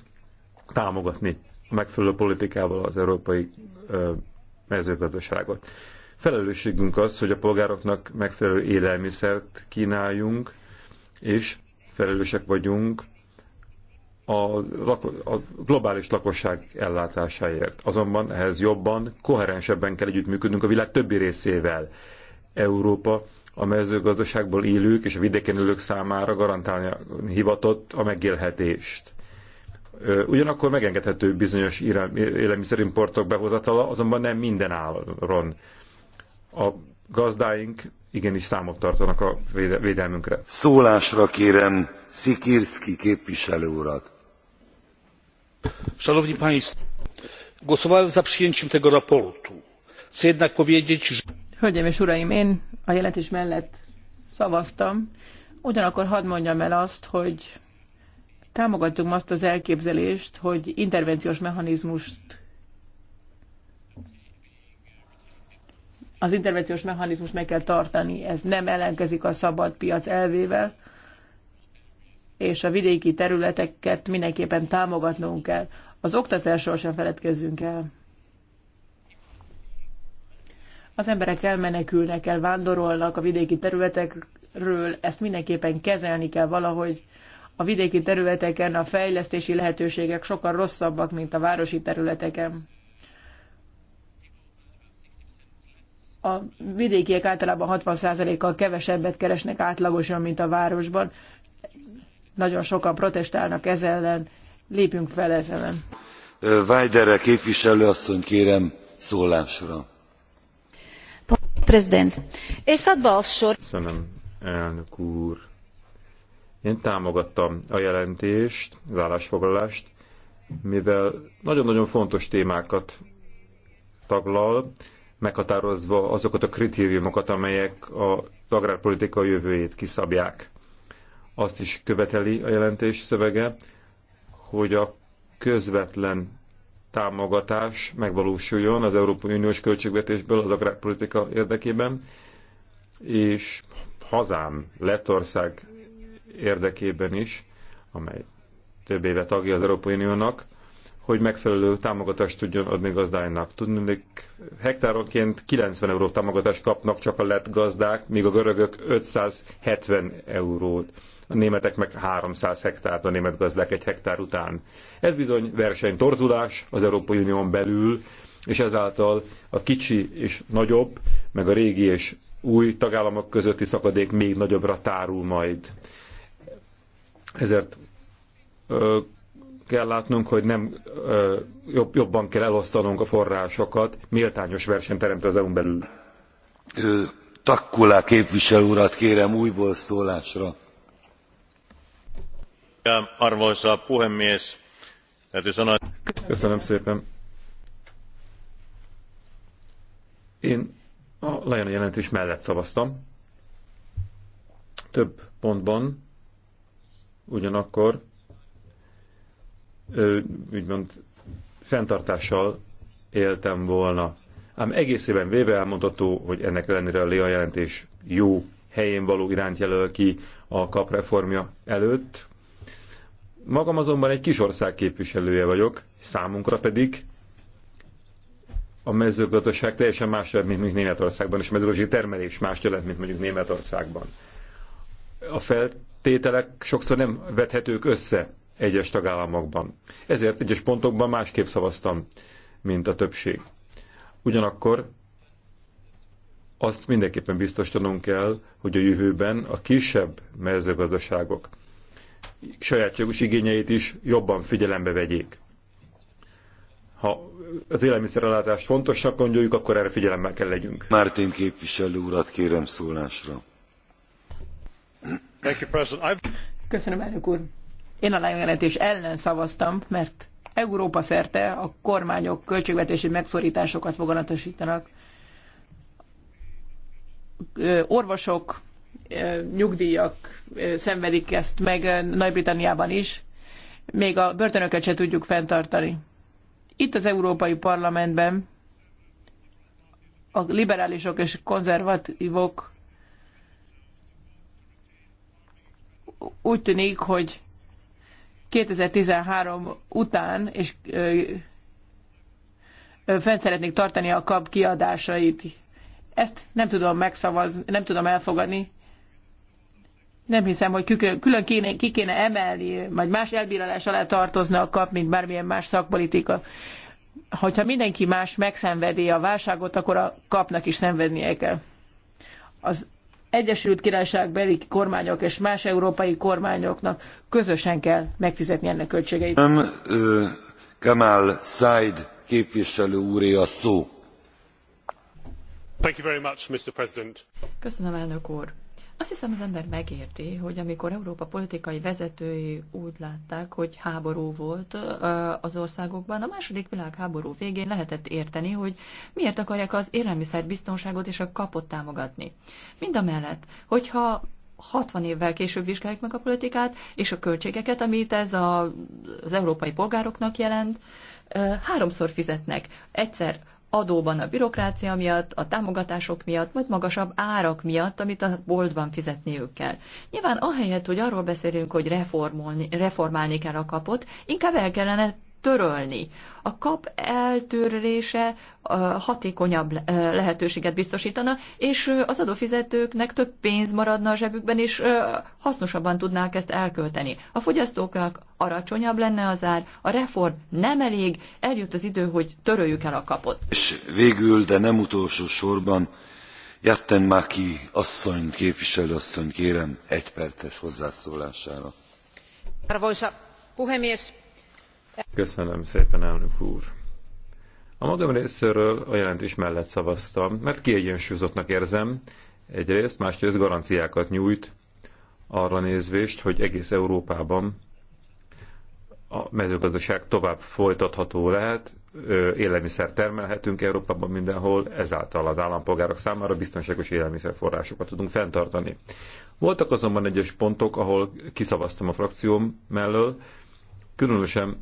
támogatni a megfelelő politikával az európai mezőgazdaságot. Felelősségünk az, hogy a polgároknak megfelelő élelmiszert kínáljunk, és felelősek vagyunk a, a globális lakosság ellátásáért. Azonban ehhez jobban, koherensebben kell együttműködnünk a világ többi részével. Európa a mezőgazdaságból élők és a vidéken élők számára garantálni hivatott a megélhetést. Ugyanakkor megengedhető bizonyos élelmiszerimportok behozatala, azonban nem minden áron. A gazdáink igenis számot tartanak a védelmünkre. Szólásra kérem Szikirszki képviselő urat szanowni państwo! głosowałem za przyjęciem tego sprawozdania. chcę jednak powiedzieć że. hölgyeim és uraim! én a jelentés mellett szavaztam ugyanakkor hadd mondjam el azt hogy támogatjuk azt az elképzelést hogy intervenciós mechanizmust az intervenciós mechanizmust meg kell tartani ez nem ellenkezik a szabad piac elvével és a vidéki területeket mindenképpen támogatnunk kell. Az oktatásról sem feledkezzünk el. Az emberek elmenekülnek, el vándorolnak a vidéki területekről, ezt mindenképpen kezelni kell valahogy. A vidéki területeken a fejlesztési lehetőségek sokkal rosszabbak, mint a városi területeken. a vidékiek általában 60%-kal kevesebbet keresnek átlagosan, mint a városban nagyon sokan protestálnak ez ellen, lépjünk fel ez ellen. Weiderre képviselőasszony kérem szólásra. Prezident, és atbalsor. Köszönöm, elnök úr. Én támogattam a jelentést, az állásfoglalást, mivel nagyon-nagyon fontos témákat taglal, meghatározva azokat a kritériumokat, amelyek a agrárpolitika jövőjét kiszabják. Azt is követeli a jelentés szövege, hogy a közvetlen támogatás megvalósuljon az Európai Uniós költségvetésből az agrárpolitika érdekében, és hazám, Lettország érdekében is, amely több éve tagja az Európai Uniónak, hogy megfelelő támogatást tudjon adni gazdáinak. hogy hektáronként 90 euró támogatást kapnak csak a lett gazdák, míg a görögök 570 eurót a németek meg 300 hektárt a német gazdák egy hektár után. Ez bizony versenytorzulás az Európai Unión belül, és ezáltal a kicsi és nagyobb, meg a régi és új tagállamok közötti szakadék még nagyobbra tárul majd. Ezért ö, kell látnunk, hogy nem ö, jobb, jobban kell elosztanunk a forrásokat, méltányos verseny teremt az EU-n belül. Takkulá képviselő urat kérem újból szólásra. Arvoisa puhemies, täytyy sanoa... Én a Lejön jelentés mellett szavaztam. Több pontban, ugyanakkor úgymond fenntartással éltem volna. Ám egészében véve elmondható, hogy ennek ellenére a Léa jelentés jó helyén való irányt jelöl ki a kapreformja előtt. Magam azonban egy kis ország képviselője vagyok, számunkra pedig a mezőgazdaság teljesen más jelent, mint mondjuk Németországban, és a mezőgazdasági termelés más jelent, mint mondjuk Németországban. A feltételek sokszor nem vethetők össze egyes tagállamokban. Ezért egyes pontokban másképp szavaztam, mint a többség. Ugyanakkor azt mindenképpen biztosítanunk kell, hogy a jövőben a kisebb mezőgazdaságok sajátságos igényeit is jobban figyelembe vegyék. Ha az élelmiszerellátást fontosnak gondoljuk, akkor erre figyelemmel kell legyünk. Mártin képviselő urat kérem szólásra. Köszönöm, elnök úr. Én a jelentés ellen szavaztam, mert Európa szerte a kormányok költségvetési megszorításokat foganatosítanak. Orvosok, nyugdíjak szenvedik ezt meg Nagy-Britanniában is, még a börtönöket se tudjuk fenntartani. Itt az Európai Parlamentben a liberálisok és konzervatívok úgy tűnik, hogy 2013 után és ö, ö, fent szeretnék tartani a kap kiadásait. Ezt nem tudom megszavazni, nem tudom elfogadni nem hiszem, hogy külön kéne, ki kéne emelni, vagy más elbírálás alá tartozna a kap, mint bármilyen más szakpolitika. Hogyha mindenki más megszenvedi a válságot, akkor a kapnak is szenvednie kell. Az Egyesült Királyság beli kormányok és más európai kormányoknak közösen kell megfizetni ennek költségeit. Nem, ö, Kemal Said képviselő úré a szó. Thank you very much, Mr. President. Köszönöm, elnök úr. Azt hiszem az ember megérti, hogy amikor Európa politikai vezetői úgy látták, hogy háború volt az országokban, a második világháború végén lehetett érteni, hogy miért akarják az élelmiszerbiztonságot és a kapot támogatni. Mind a mellett, hogyha 60 évvel később vizsgáljuk meg a politikát, és a költségeket, amit ez a, az európai polgároknak jelent, háromszor fizetnek. Egyszer adóban a bürokrácia miatt, a támogatások miatt, vagy magasabb árak miatt, amit a boltban fizetniük kell. Nyilván ahelyett, hogy arról beszélünk, hogy reformolni, reformálni kell a kapot, inkább el kellene törölni. A kap eltörlése hatékonyabb lehetőséget biztosítana, és az adófizetőknek több pénz maradna a zsebükben, és hasznosabban tudnák ezt elkölteni. A fogyasztóknak aracsonyabb lenne az ár, a reform nem elég, eljött az idő, hogy töröljük el a kapot. És végül, de nem utolsó sorban, Jatten Maki asszony, képviselőasszony kérem egy perces hozzászólására. Arvoisa puhemies, Köszönöm szépen, elnök úr. A magam részéről a jelentés mellett szavaztam, mert kiegyensúlyozottnak érzem, egyrészt, másrészt garanciákat nyújt arra nézvést, hogy egész Európában a mezőgazdaság tovább folytatható lehet, élelmiszer termelhetünk Európában mindenhol, ezáltal az állampolgárok számára biztonságos élelmiszerforrásokat tudunk fenntartani. Voltak azonban egyes pontok, ahol kiszavaztam a frakcióm mellől, különösen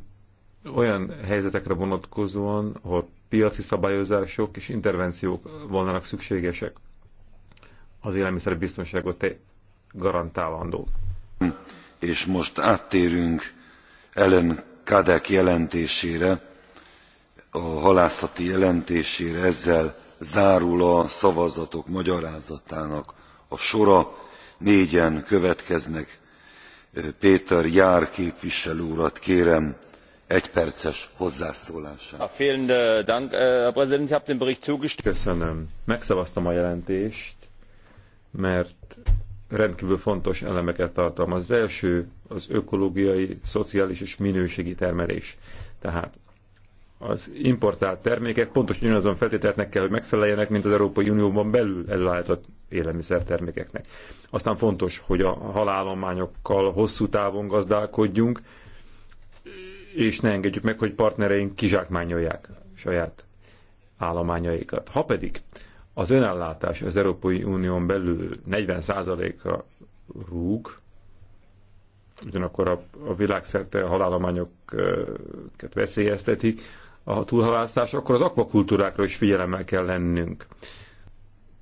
olyan helyzetekre vonatkozóan, ahol piaci szabályozások és intervenciók volnának szükségesek az élelmiszerbiztonságot garantálandó. És most áttérünk Ellen Kadek jelentésére, a halászati jelentésére, ezzel zárul a szavazatok magyarázatának a sora. Négyen következnek. Péter Jár képviselő urat kérem egyperces hozzászólását. Äh, äh, Köszönöm. Megszavaztam a jelentést, mert rendkívül fontos elemeket tartalmaz. Az első az ökológiai, szociális és minőségi termelés. Tehát az importált termékek pontosan ugyanazon feltételeknek kell, hogy megfeleljenek, mint az Európai Unióban belül előállított élelmiszertermékeknek. Aztán fontos, hogy a halállományokkal hosszú távon gazdálkodjunk, és ne engedjük meg, hogy partnereink kizsákmányolják saját állományaikat. Ha pedig az önellátás az Európai Unión belül 40%-ra rúg, ugyanakkor a, a világszerte a halálományokat veszélyezteti a túlhalásztás, akkor az akvakultúrákra is figyelemmel kell lennünk.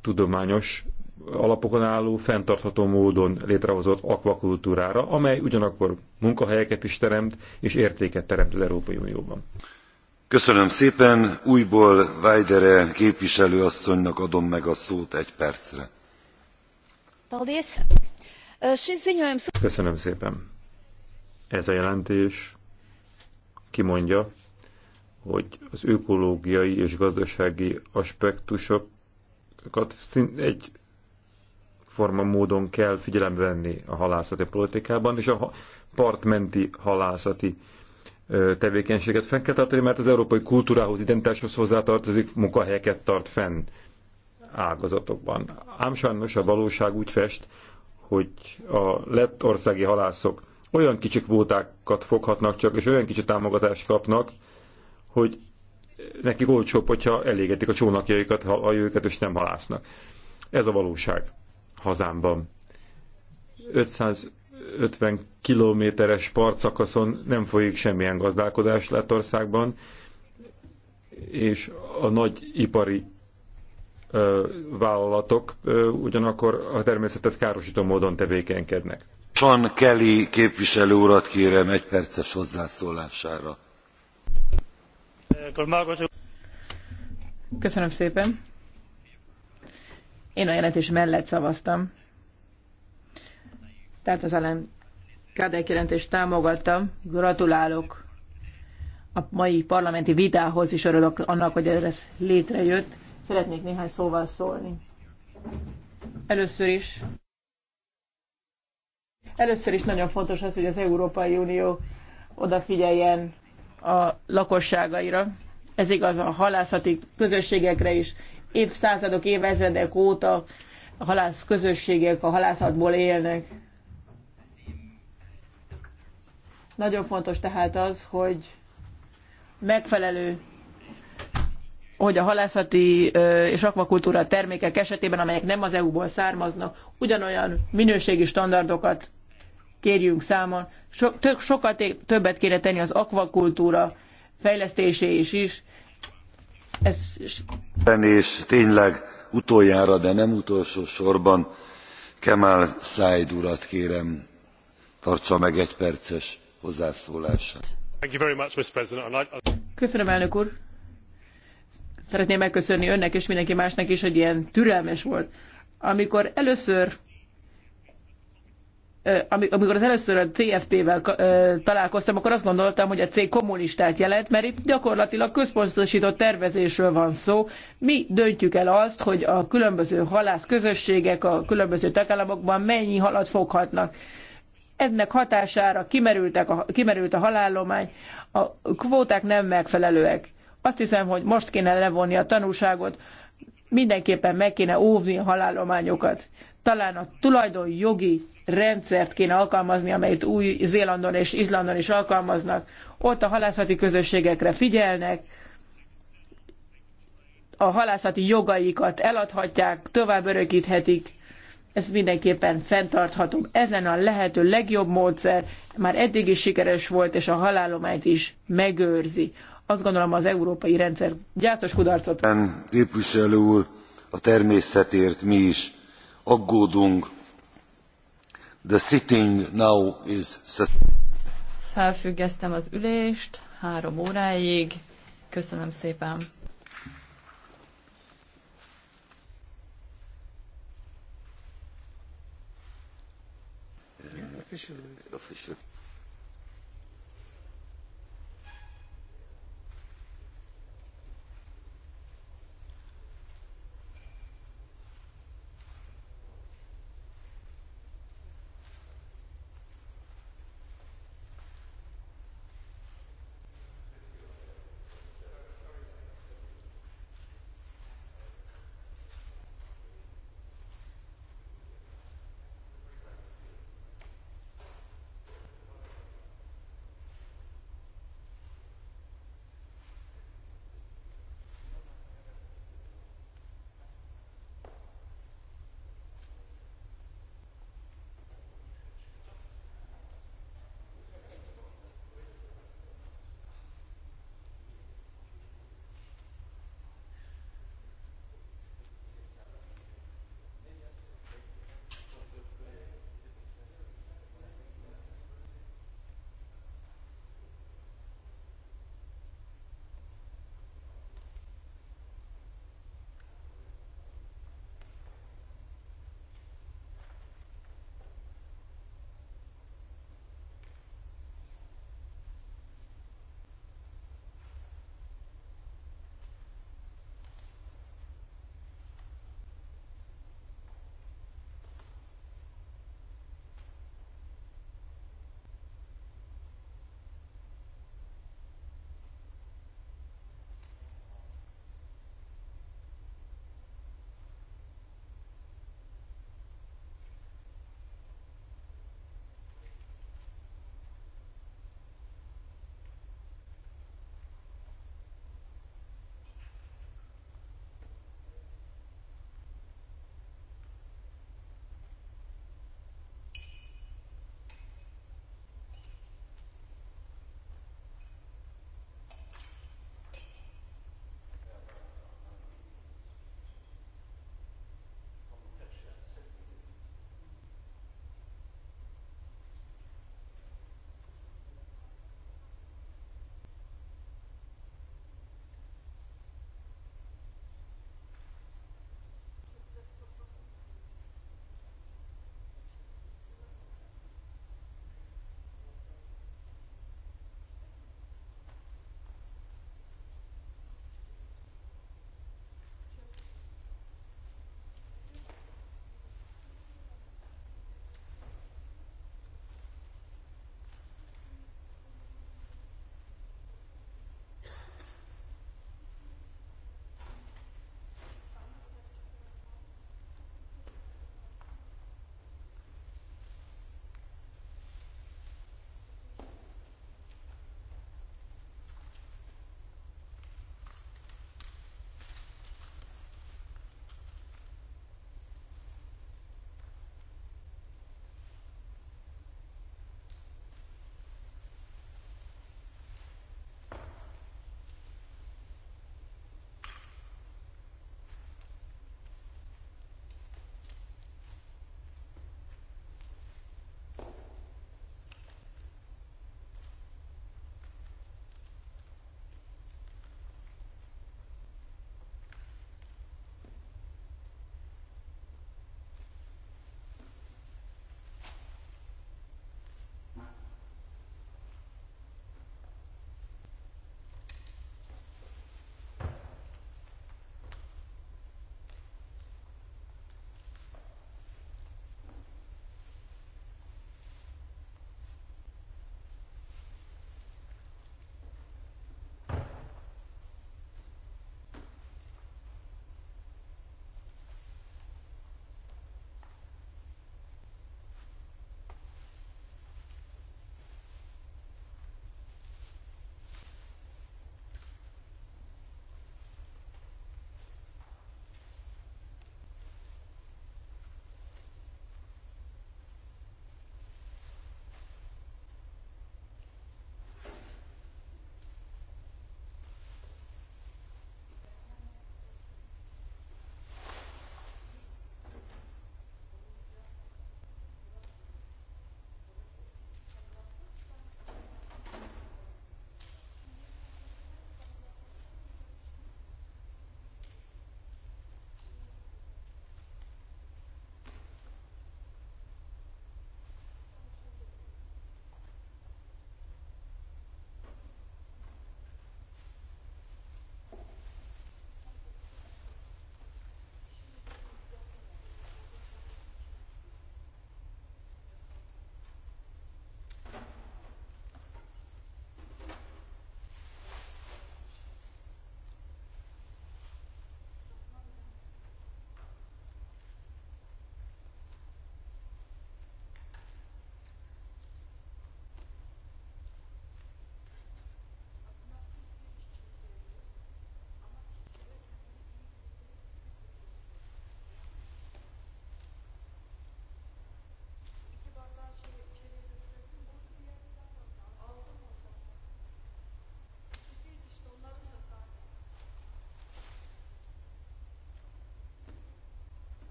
Tudományos alapokon álló, fenntartható módon létrehozott akvakultúrára, amely ugyanakkor munkahelyeket is teremt, és értéket teremt az Európai Unióban. Köszönöm szépen, újból Vajdere képviselőasszonynak adom meg a szót egy percre. Köszönöm szépen. Ez a jelentés kimondja, hogy az ökológiai és gazdasági aspektusokat egy egyforma módon kell figyelembe venni a halászati politikában, és a partmenti halászati tevékenységet fenn kell tartani, mert az európai kultúrához, identitáshoz hozzátartozik, munkahelyeket tart fenn ágazatokban. Ám sajnos a valóság úgy fest, hogy a lett országi halászok olyan kicsik kvótákat foghatnak csak, és olyan kicsi támogatást kapnak, hogy nekik olcsóbb, hogyha elégetik a csónakjaikat, ha a és nem halásznak. Ez a valóság hazámban. 550 kilométeres partszakaszon nem folyik semmilyen gazdálkodás Lettországban, és a nagy ipari ö, vállalatok ö, ugyanakkor a természetet károsító módon tevékenykednek. Sean Kelly képviselő urat kérem egy perces hozzászólására. Köszönöm szépen. Én a jelentés mellett szavaztam. Tehát az ellen Kádek jelentést támogattam. Gratulálok a mai parlamenti vitához is örülök annak, hogy ez létrejött. Szeretnék néhány szóval szólni. Először is Először is nagyon fontos az, hogy az Európai Unió odafigyeljen a lakosságaira. Ez igaz a halászati közösségekre is, évszázadok, évezredek óta a halász közösségek a halászatból élnek. Nagyon fontos tehát az, hogy megfelelő hogy a halászati és akvakultúra termékek esetében, amelyek nem az EU-ból származnak, ugyanolyan minőségi standardokat kérjünk számon. So, tök, sokat többet kéne tenni az akvakultúra fejlesztéséhez is, is. Ez És tényleg utoljára, de nem utolsó sorban Kemal Said urat kérem, tartsa meg egy perces hozzászólását. Köszönöm, elnök úr. Szeretném megköszönni önnek és mindenki másnak is, hogy ilyen türelmes volt. Amikor először amikor az először a CFP-vel találkoztam, akkor azt gondoltam, hogy a cég kommunistát jelent, mert itt gyakorlatilag központosított tervezésről van szó. Mi döntjük el azt, hogy a különböző halász közösségek a különböző tagállamokban mennyi halat foghatnak. Ennek hatására kimerültek a, kimerült a halállomány, a kvóták nem megfelelőek. Azt hiszem, hogy most kéne levonni a tanulságot, mindenképpen meg kéne óvni a halállományokat. Talán a tulajdonjogi rendszert kéne alkalmazni, amelyet Új-Zélandon és Izlandon is alkalmaznak. Ott a halászati közösségekre figyelnek, a halászati jogaikat eladhatják, tovább örökíthetik, ez mindenképpen fenntartható. Ez lenne a lehető legjobb módszer, már eddig is sikeres volt, és a halálományt is megőrzi. Azt gondolom az európai rendszer gyászos kudarcot. Képviselő úr, a természetért mi is aggódunk, The sitting now is Felfüggesztem az ülést három óráig. Köszönöm szépen. Yeah,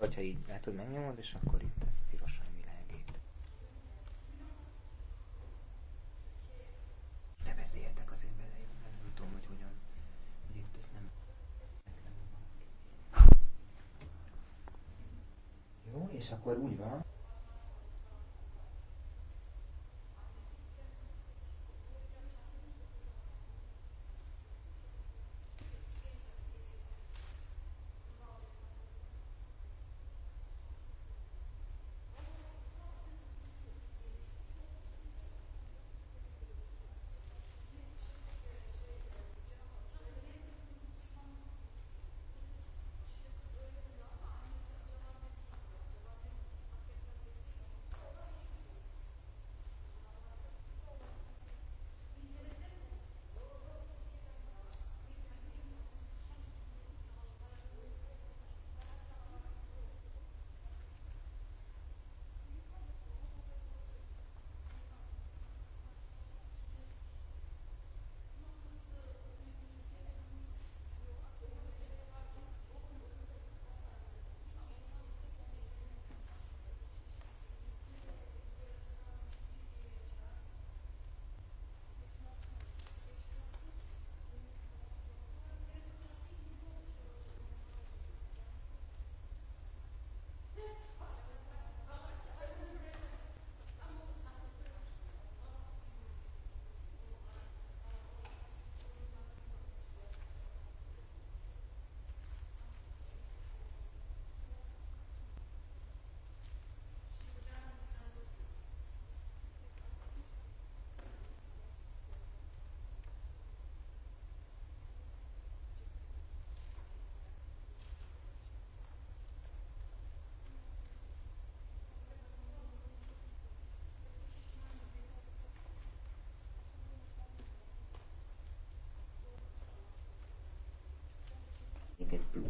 Hogyha így le tud megnyomod, és akkor itt ez pirosan világít. Ne beszéljetek azért bele, nem tudom, hogy hogyan, hogy itt ez nem... Jó, és akkor úgy van,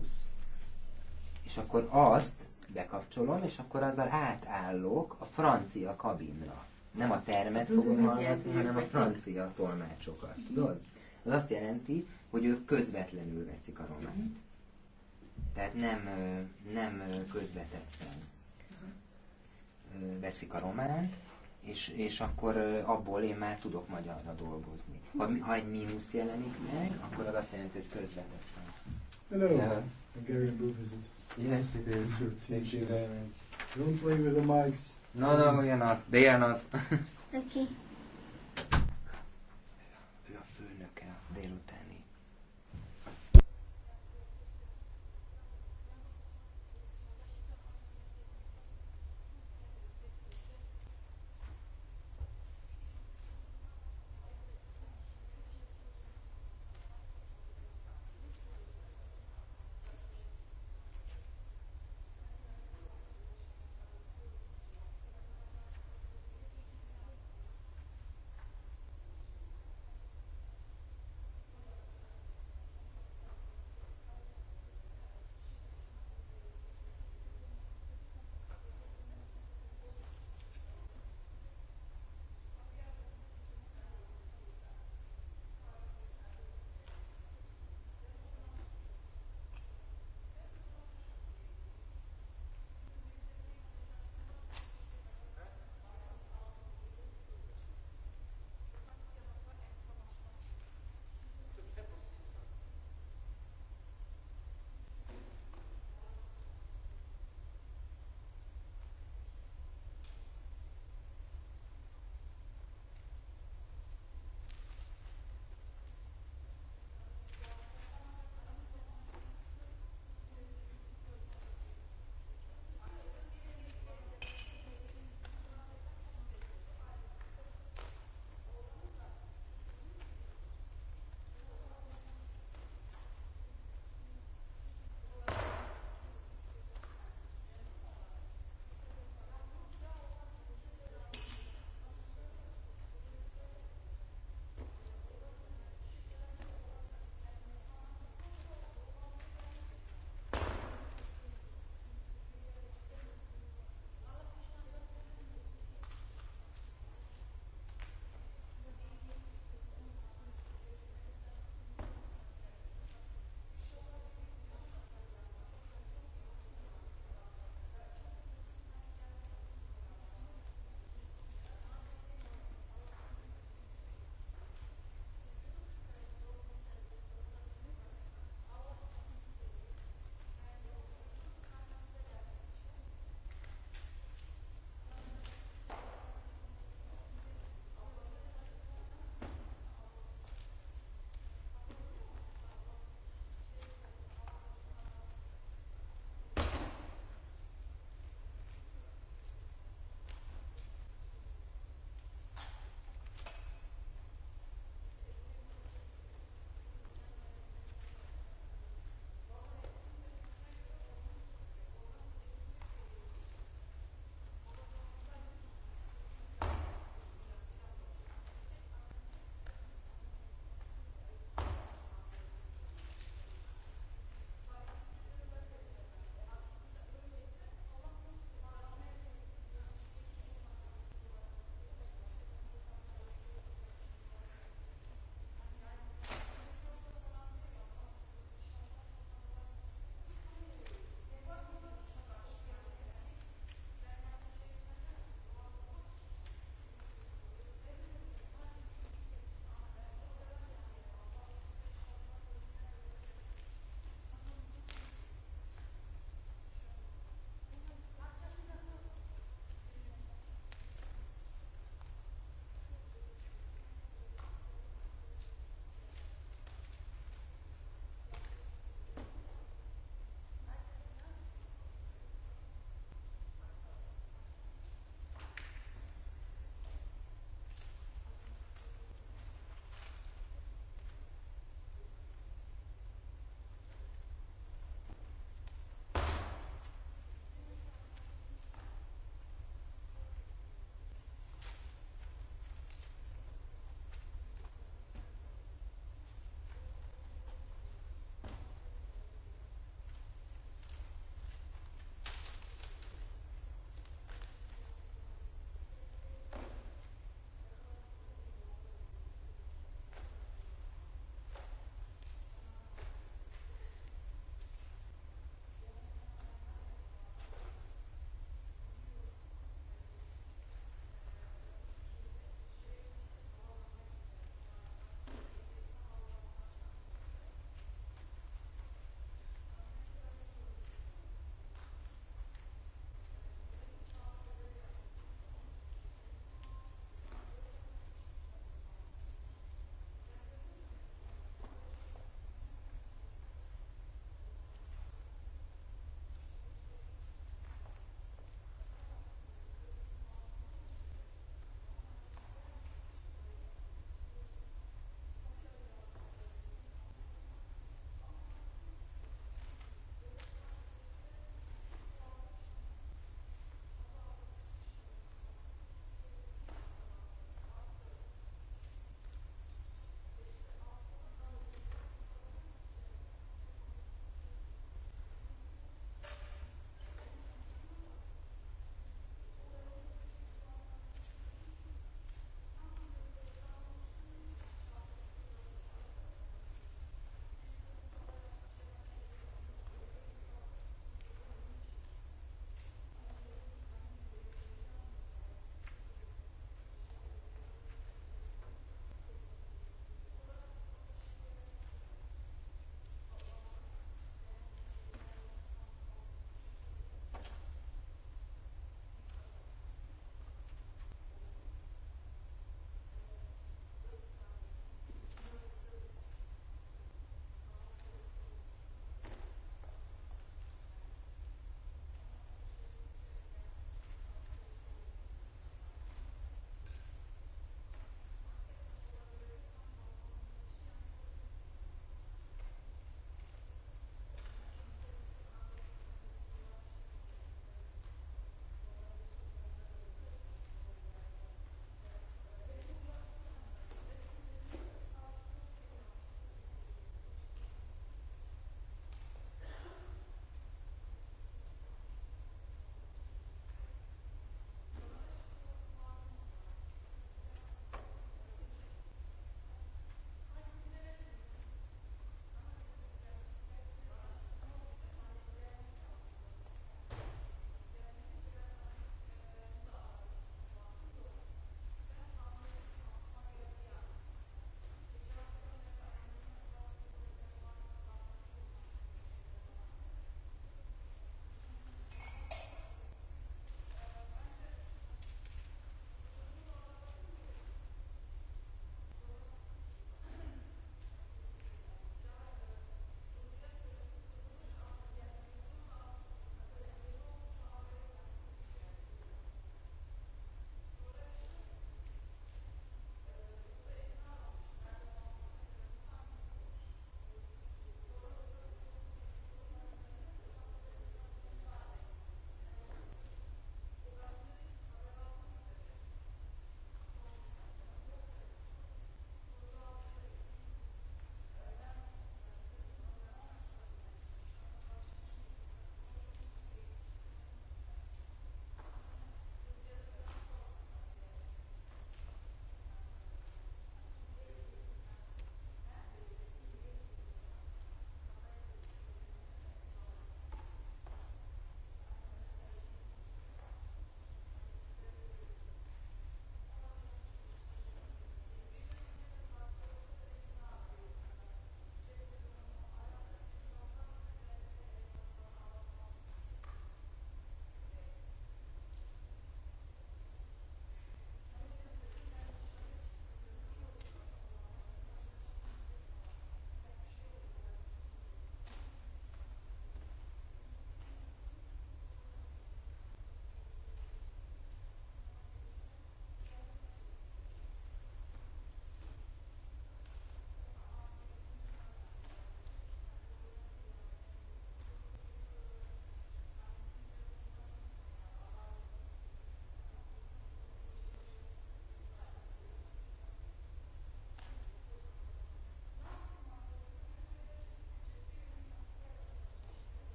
20. És akkor azt bekapcsolom, és akkor azzal átállok a francia kabinra. Nem a termet fogom hallgatni, hanem a francia tolmácsokat. Mhm. Tudod? Az azt jelenti, hogy ők közvetlenül veszik a románt. Mhm. Tehát nem, nem közvetetten veszik a románt, és, és akkor abból én már tudok magyarra dolgozni. Ha, ha egy mínusz jelenik meg, akkor az azt jelenti, hogy közvetetten Hello. Hello. Hungarian booth is it? Yes, it is. Thank you very much. Don't play with the mics. No, no, we are not. They are not. okay.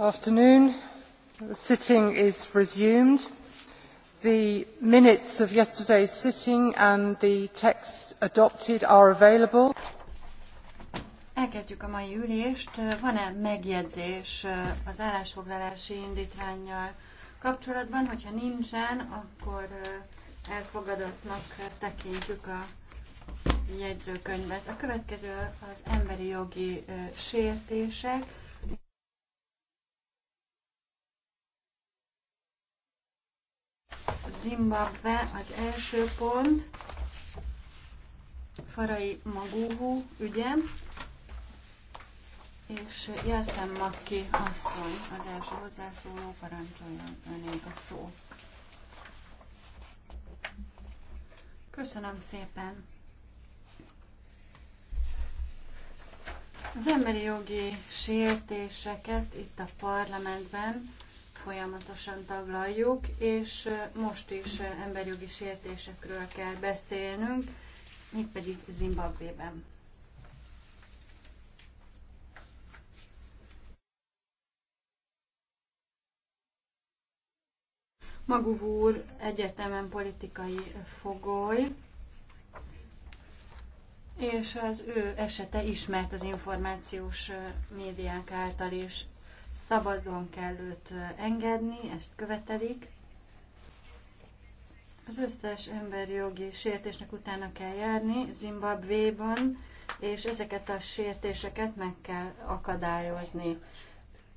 afternoon. the sitting is resumed. the minutes of yesterday's sitting and the text adopted are available. Elkezdjük a mai ülést. Van-e megjegyzés az állásfoglalási indítványjal kapcsolatban? Hogyha nincsen, akkor elfogadottnak tekintjük a jegyzőkönyvet. A következő az emberi jogi sértések. Zimbabwe az első pont, Farai maguhu, ügye, és jeltem Makki asszony az első hozzászóló, parancsolja önnek a szó. Köszönöm szépen! Az emberi jogi sértéseket itt a parlamentben folyamatosan taglaljuk, és most is emberjogi sértésekről kell beszélnünk, pedig Zimbabvében. Magúv úr egyetemen politikai fogoly, és az ő esete ismert az információs médiák által is szabadon kell őt engedni, ezt követelik. Az összes emberjogi sértésnek utána kell járni Zimbabvéban, és ezeket a sértéseket meg kell akadályozni.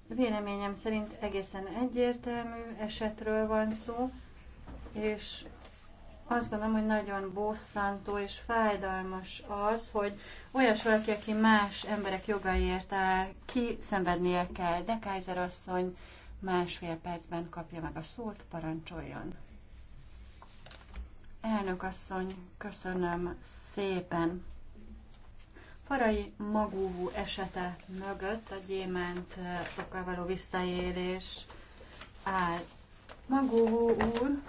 Véleményem szerint egészen egyértelmű esetről van szó, és azt gondolom, hogy nagyon bosszantó és fájdalmas az, hogy olyas valaki, aki más emberek jogaiért áll, ki szenvednie kell. De Kaiser asszony másfél percben kapja meg a szót, parancsoljon. Elnök asszony, köszönöm szépen. Farai magúvú esete mögött a gyémántokkal eh, való visszaélés áll. Magúvú úr,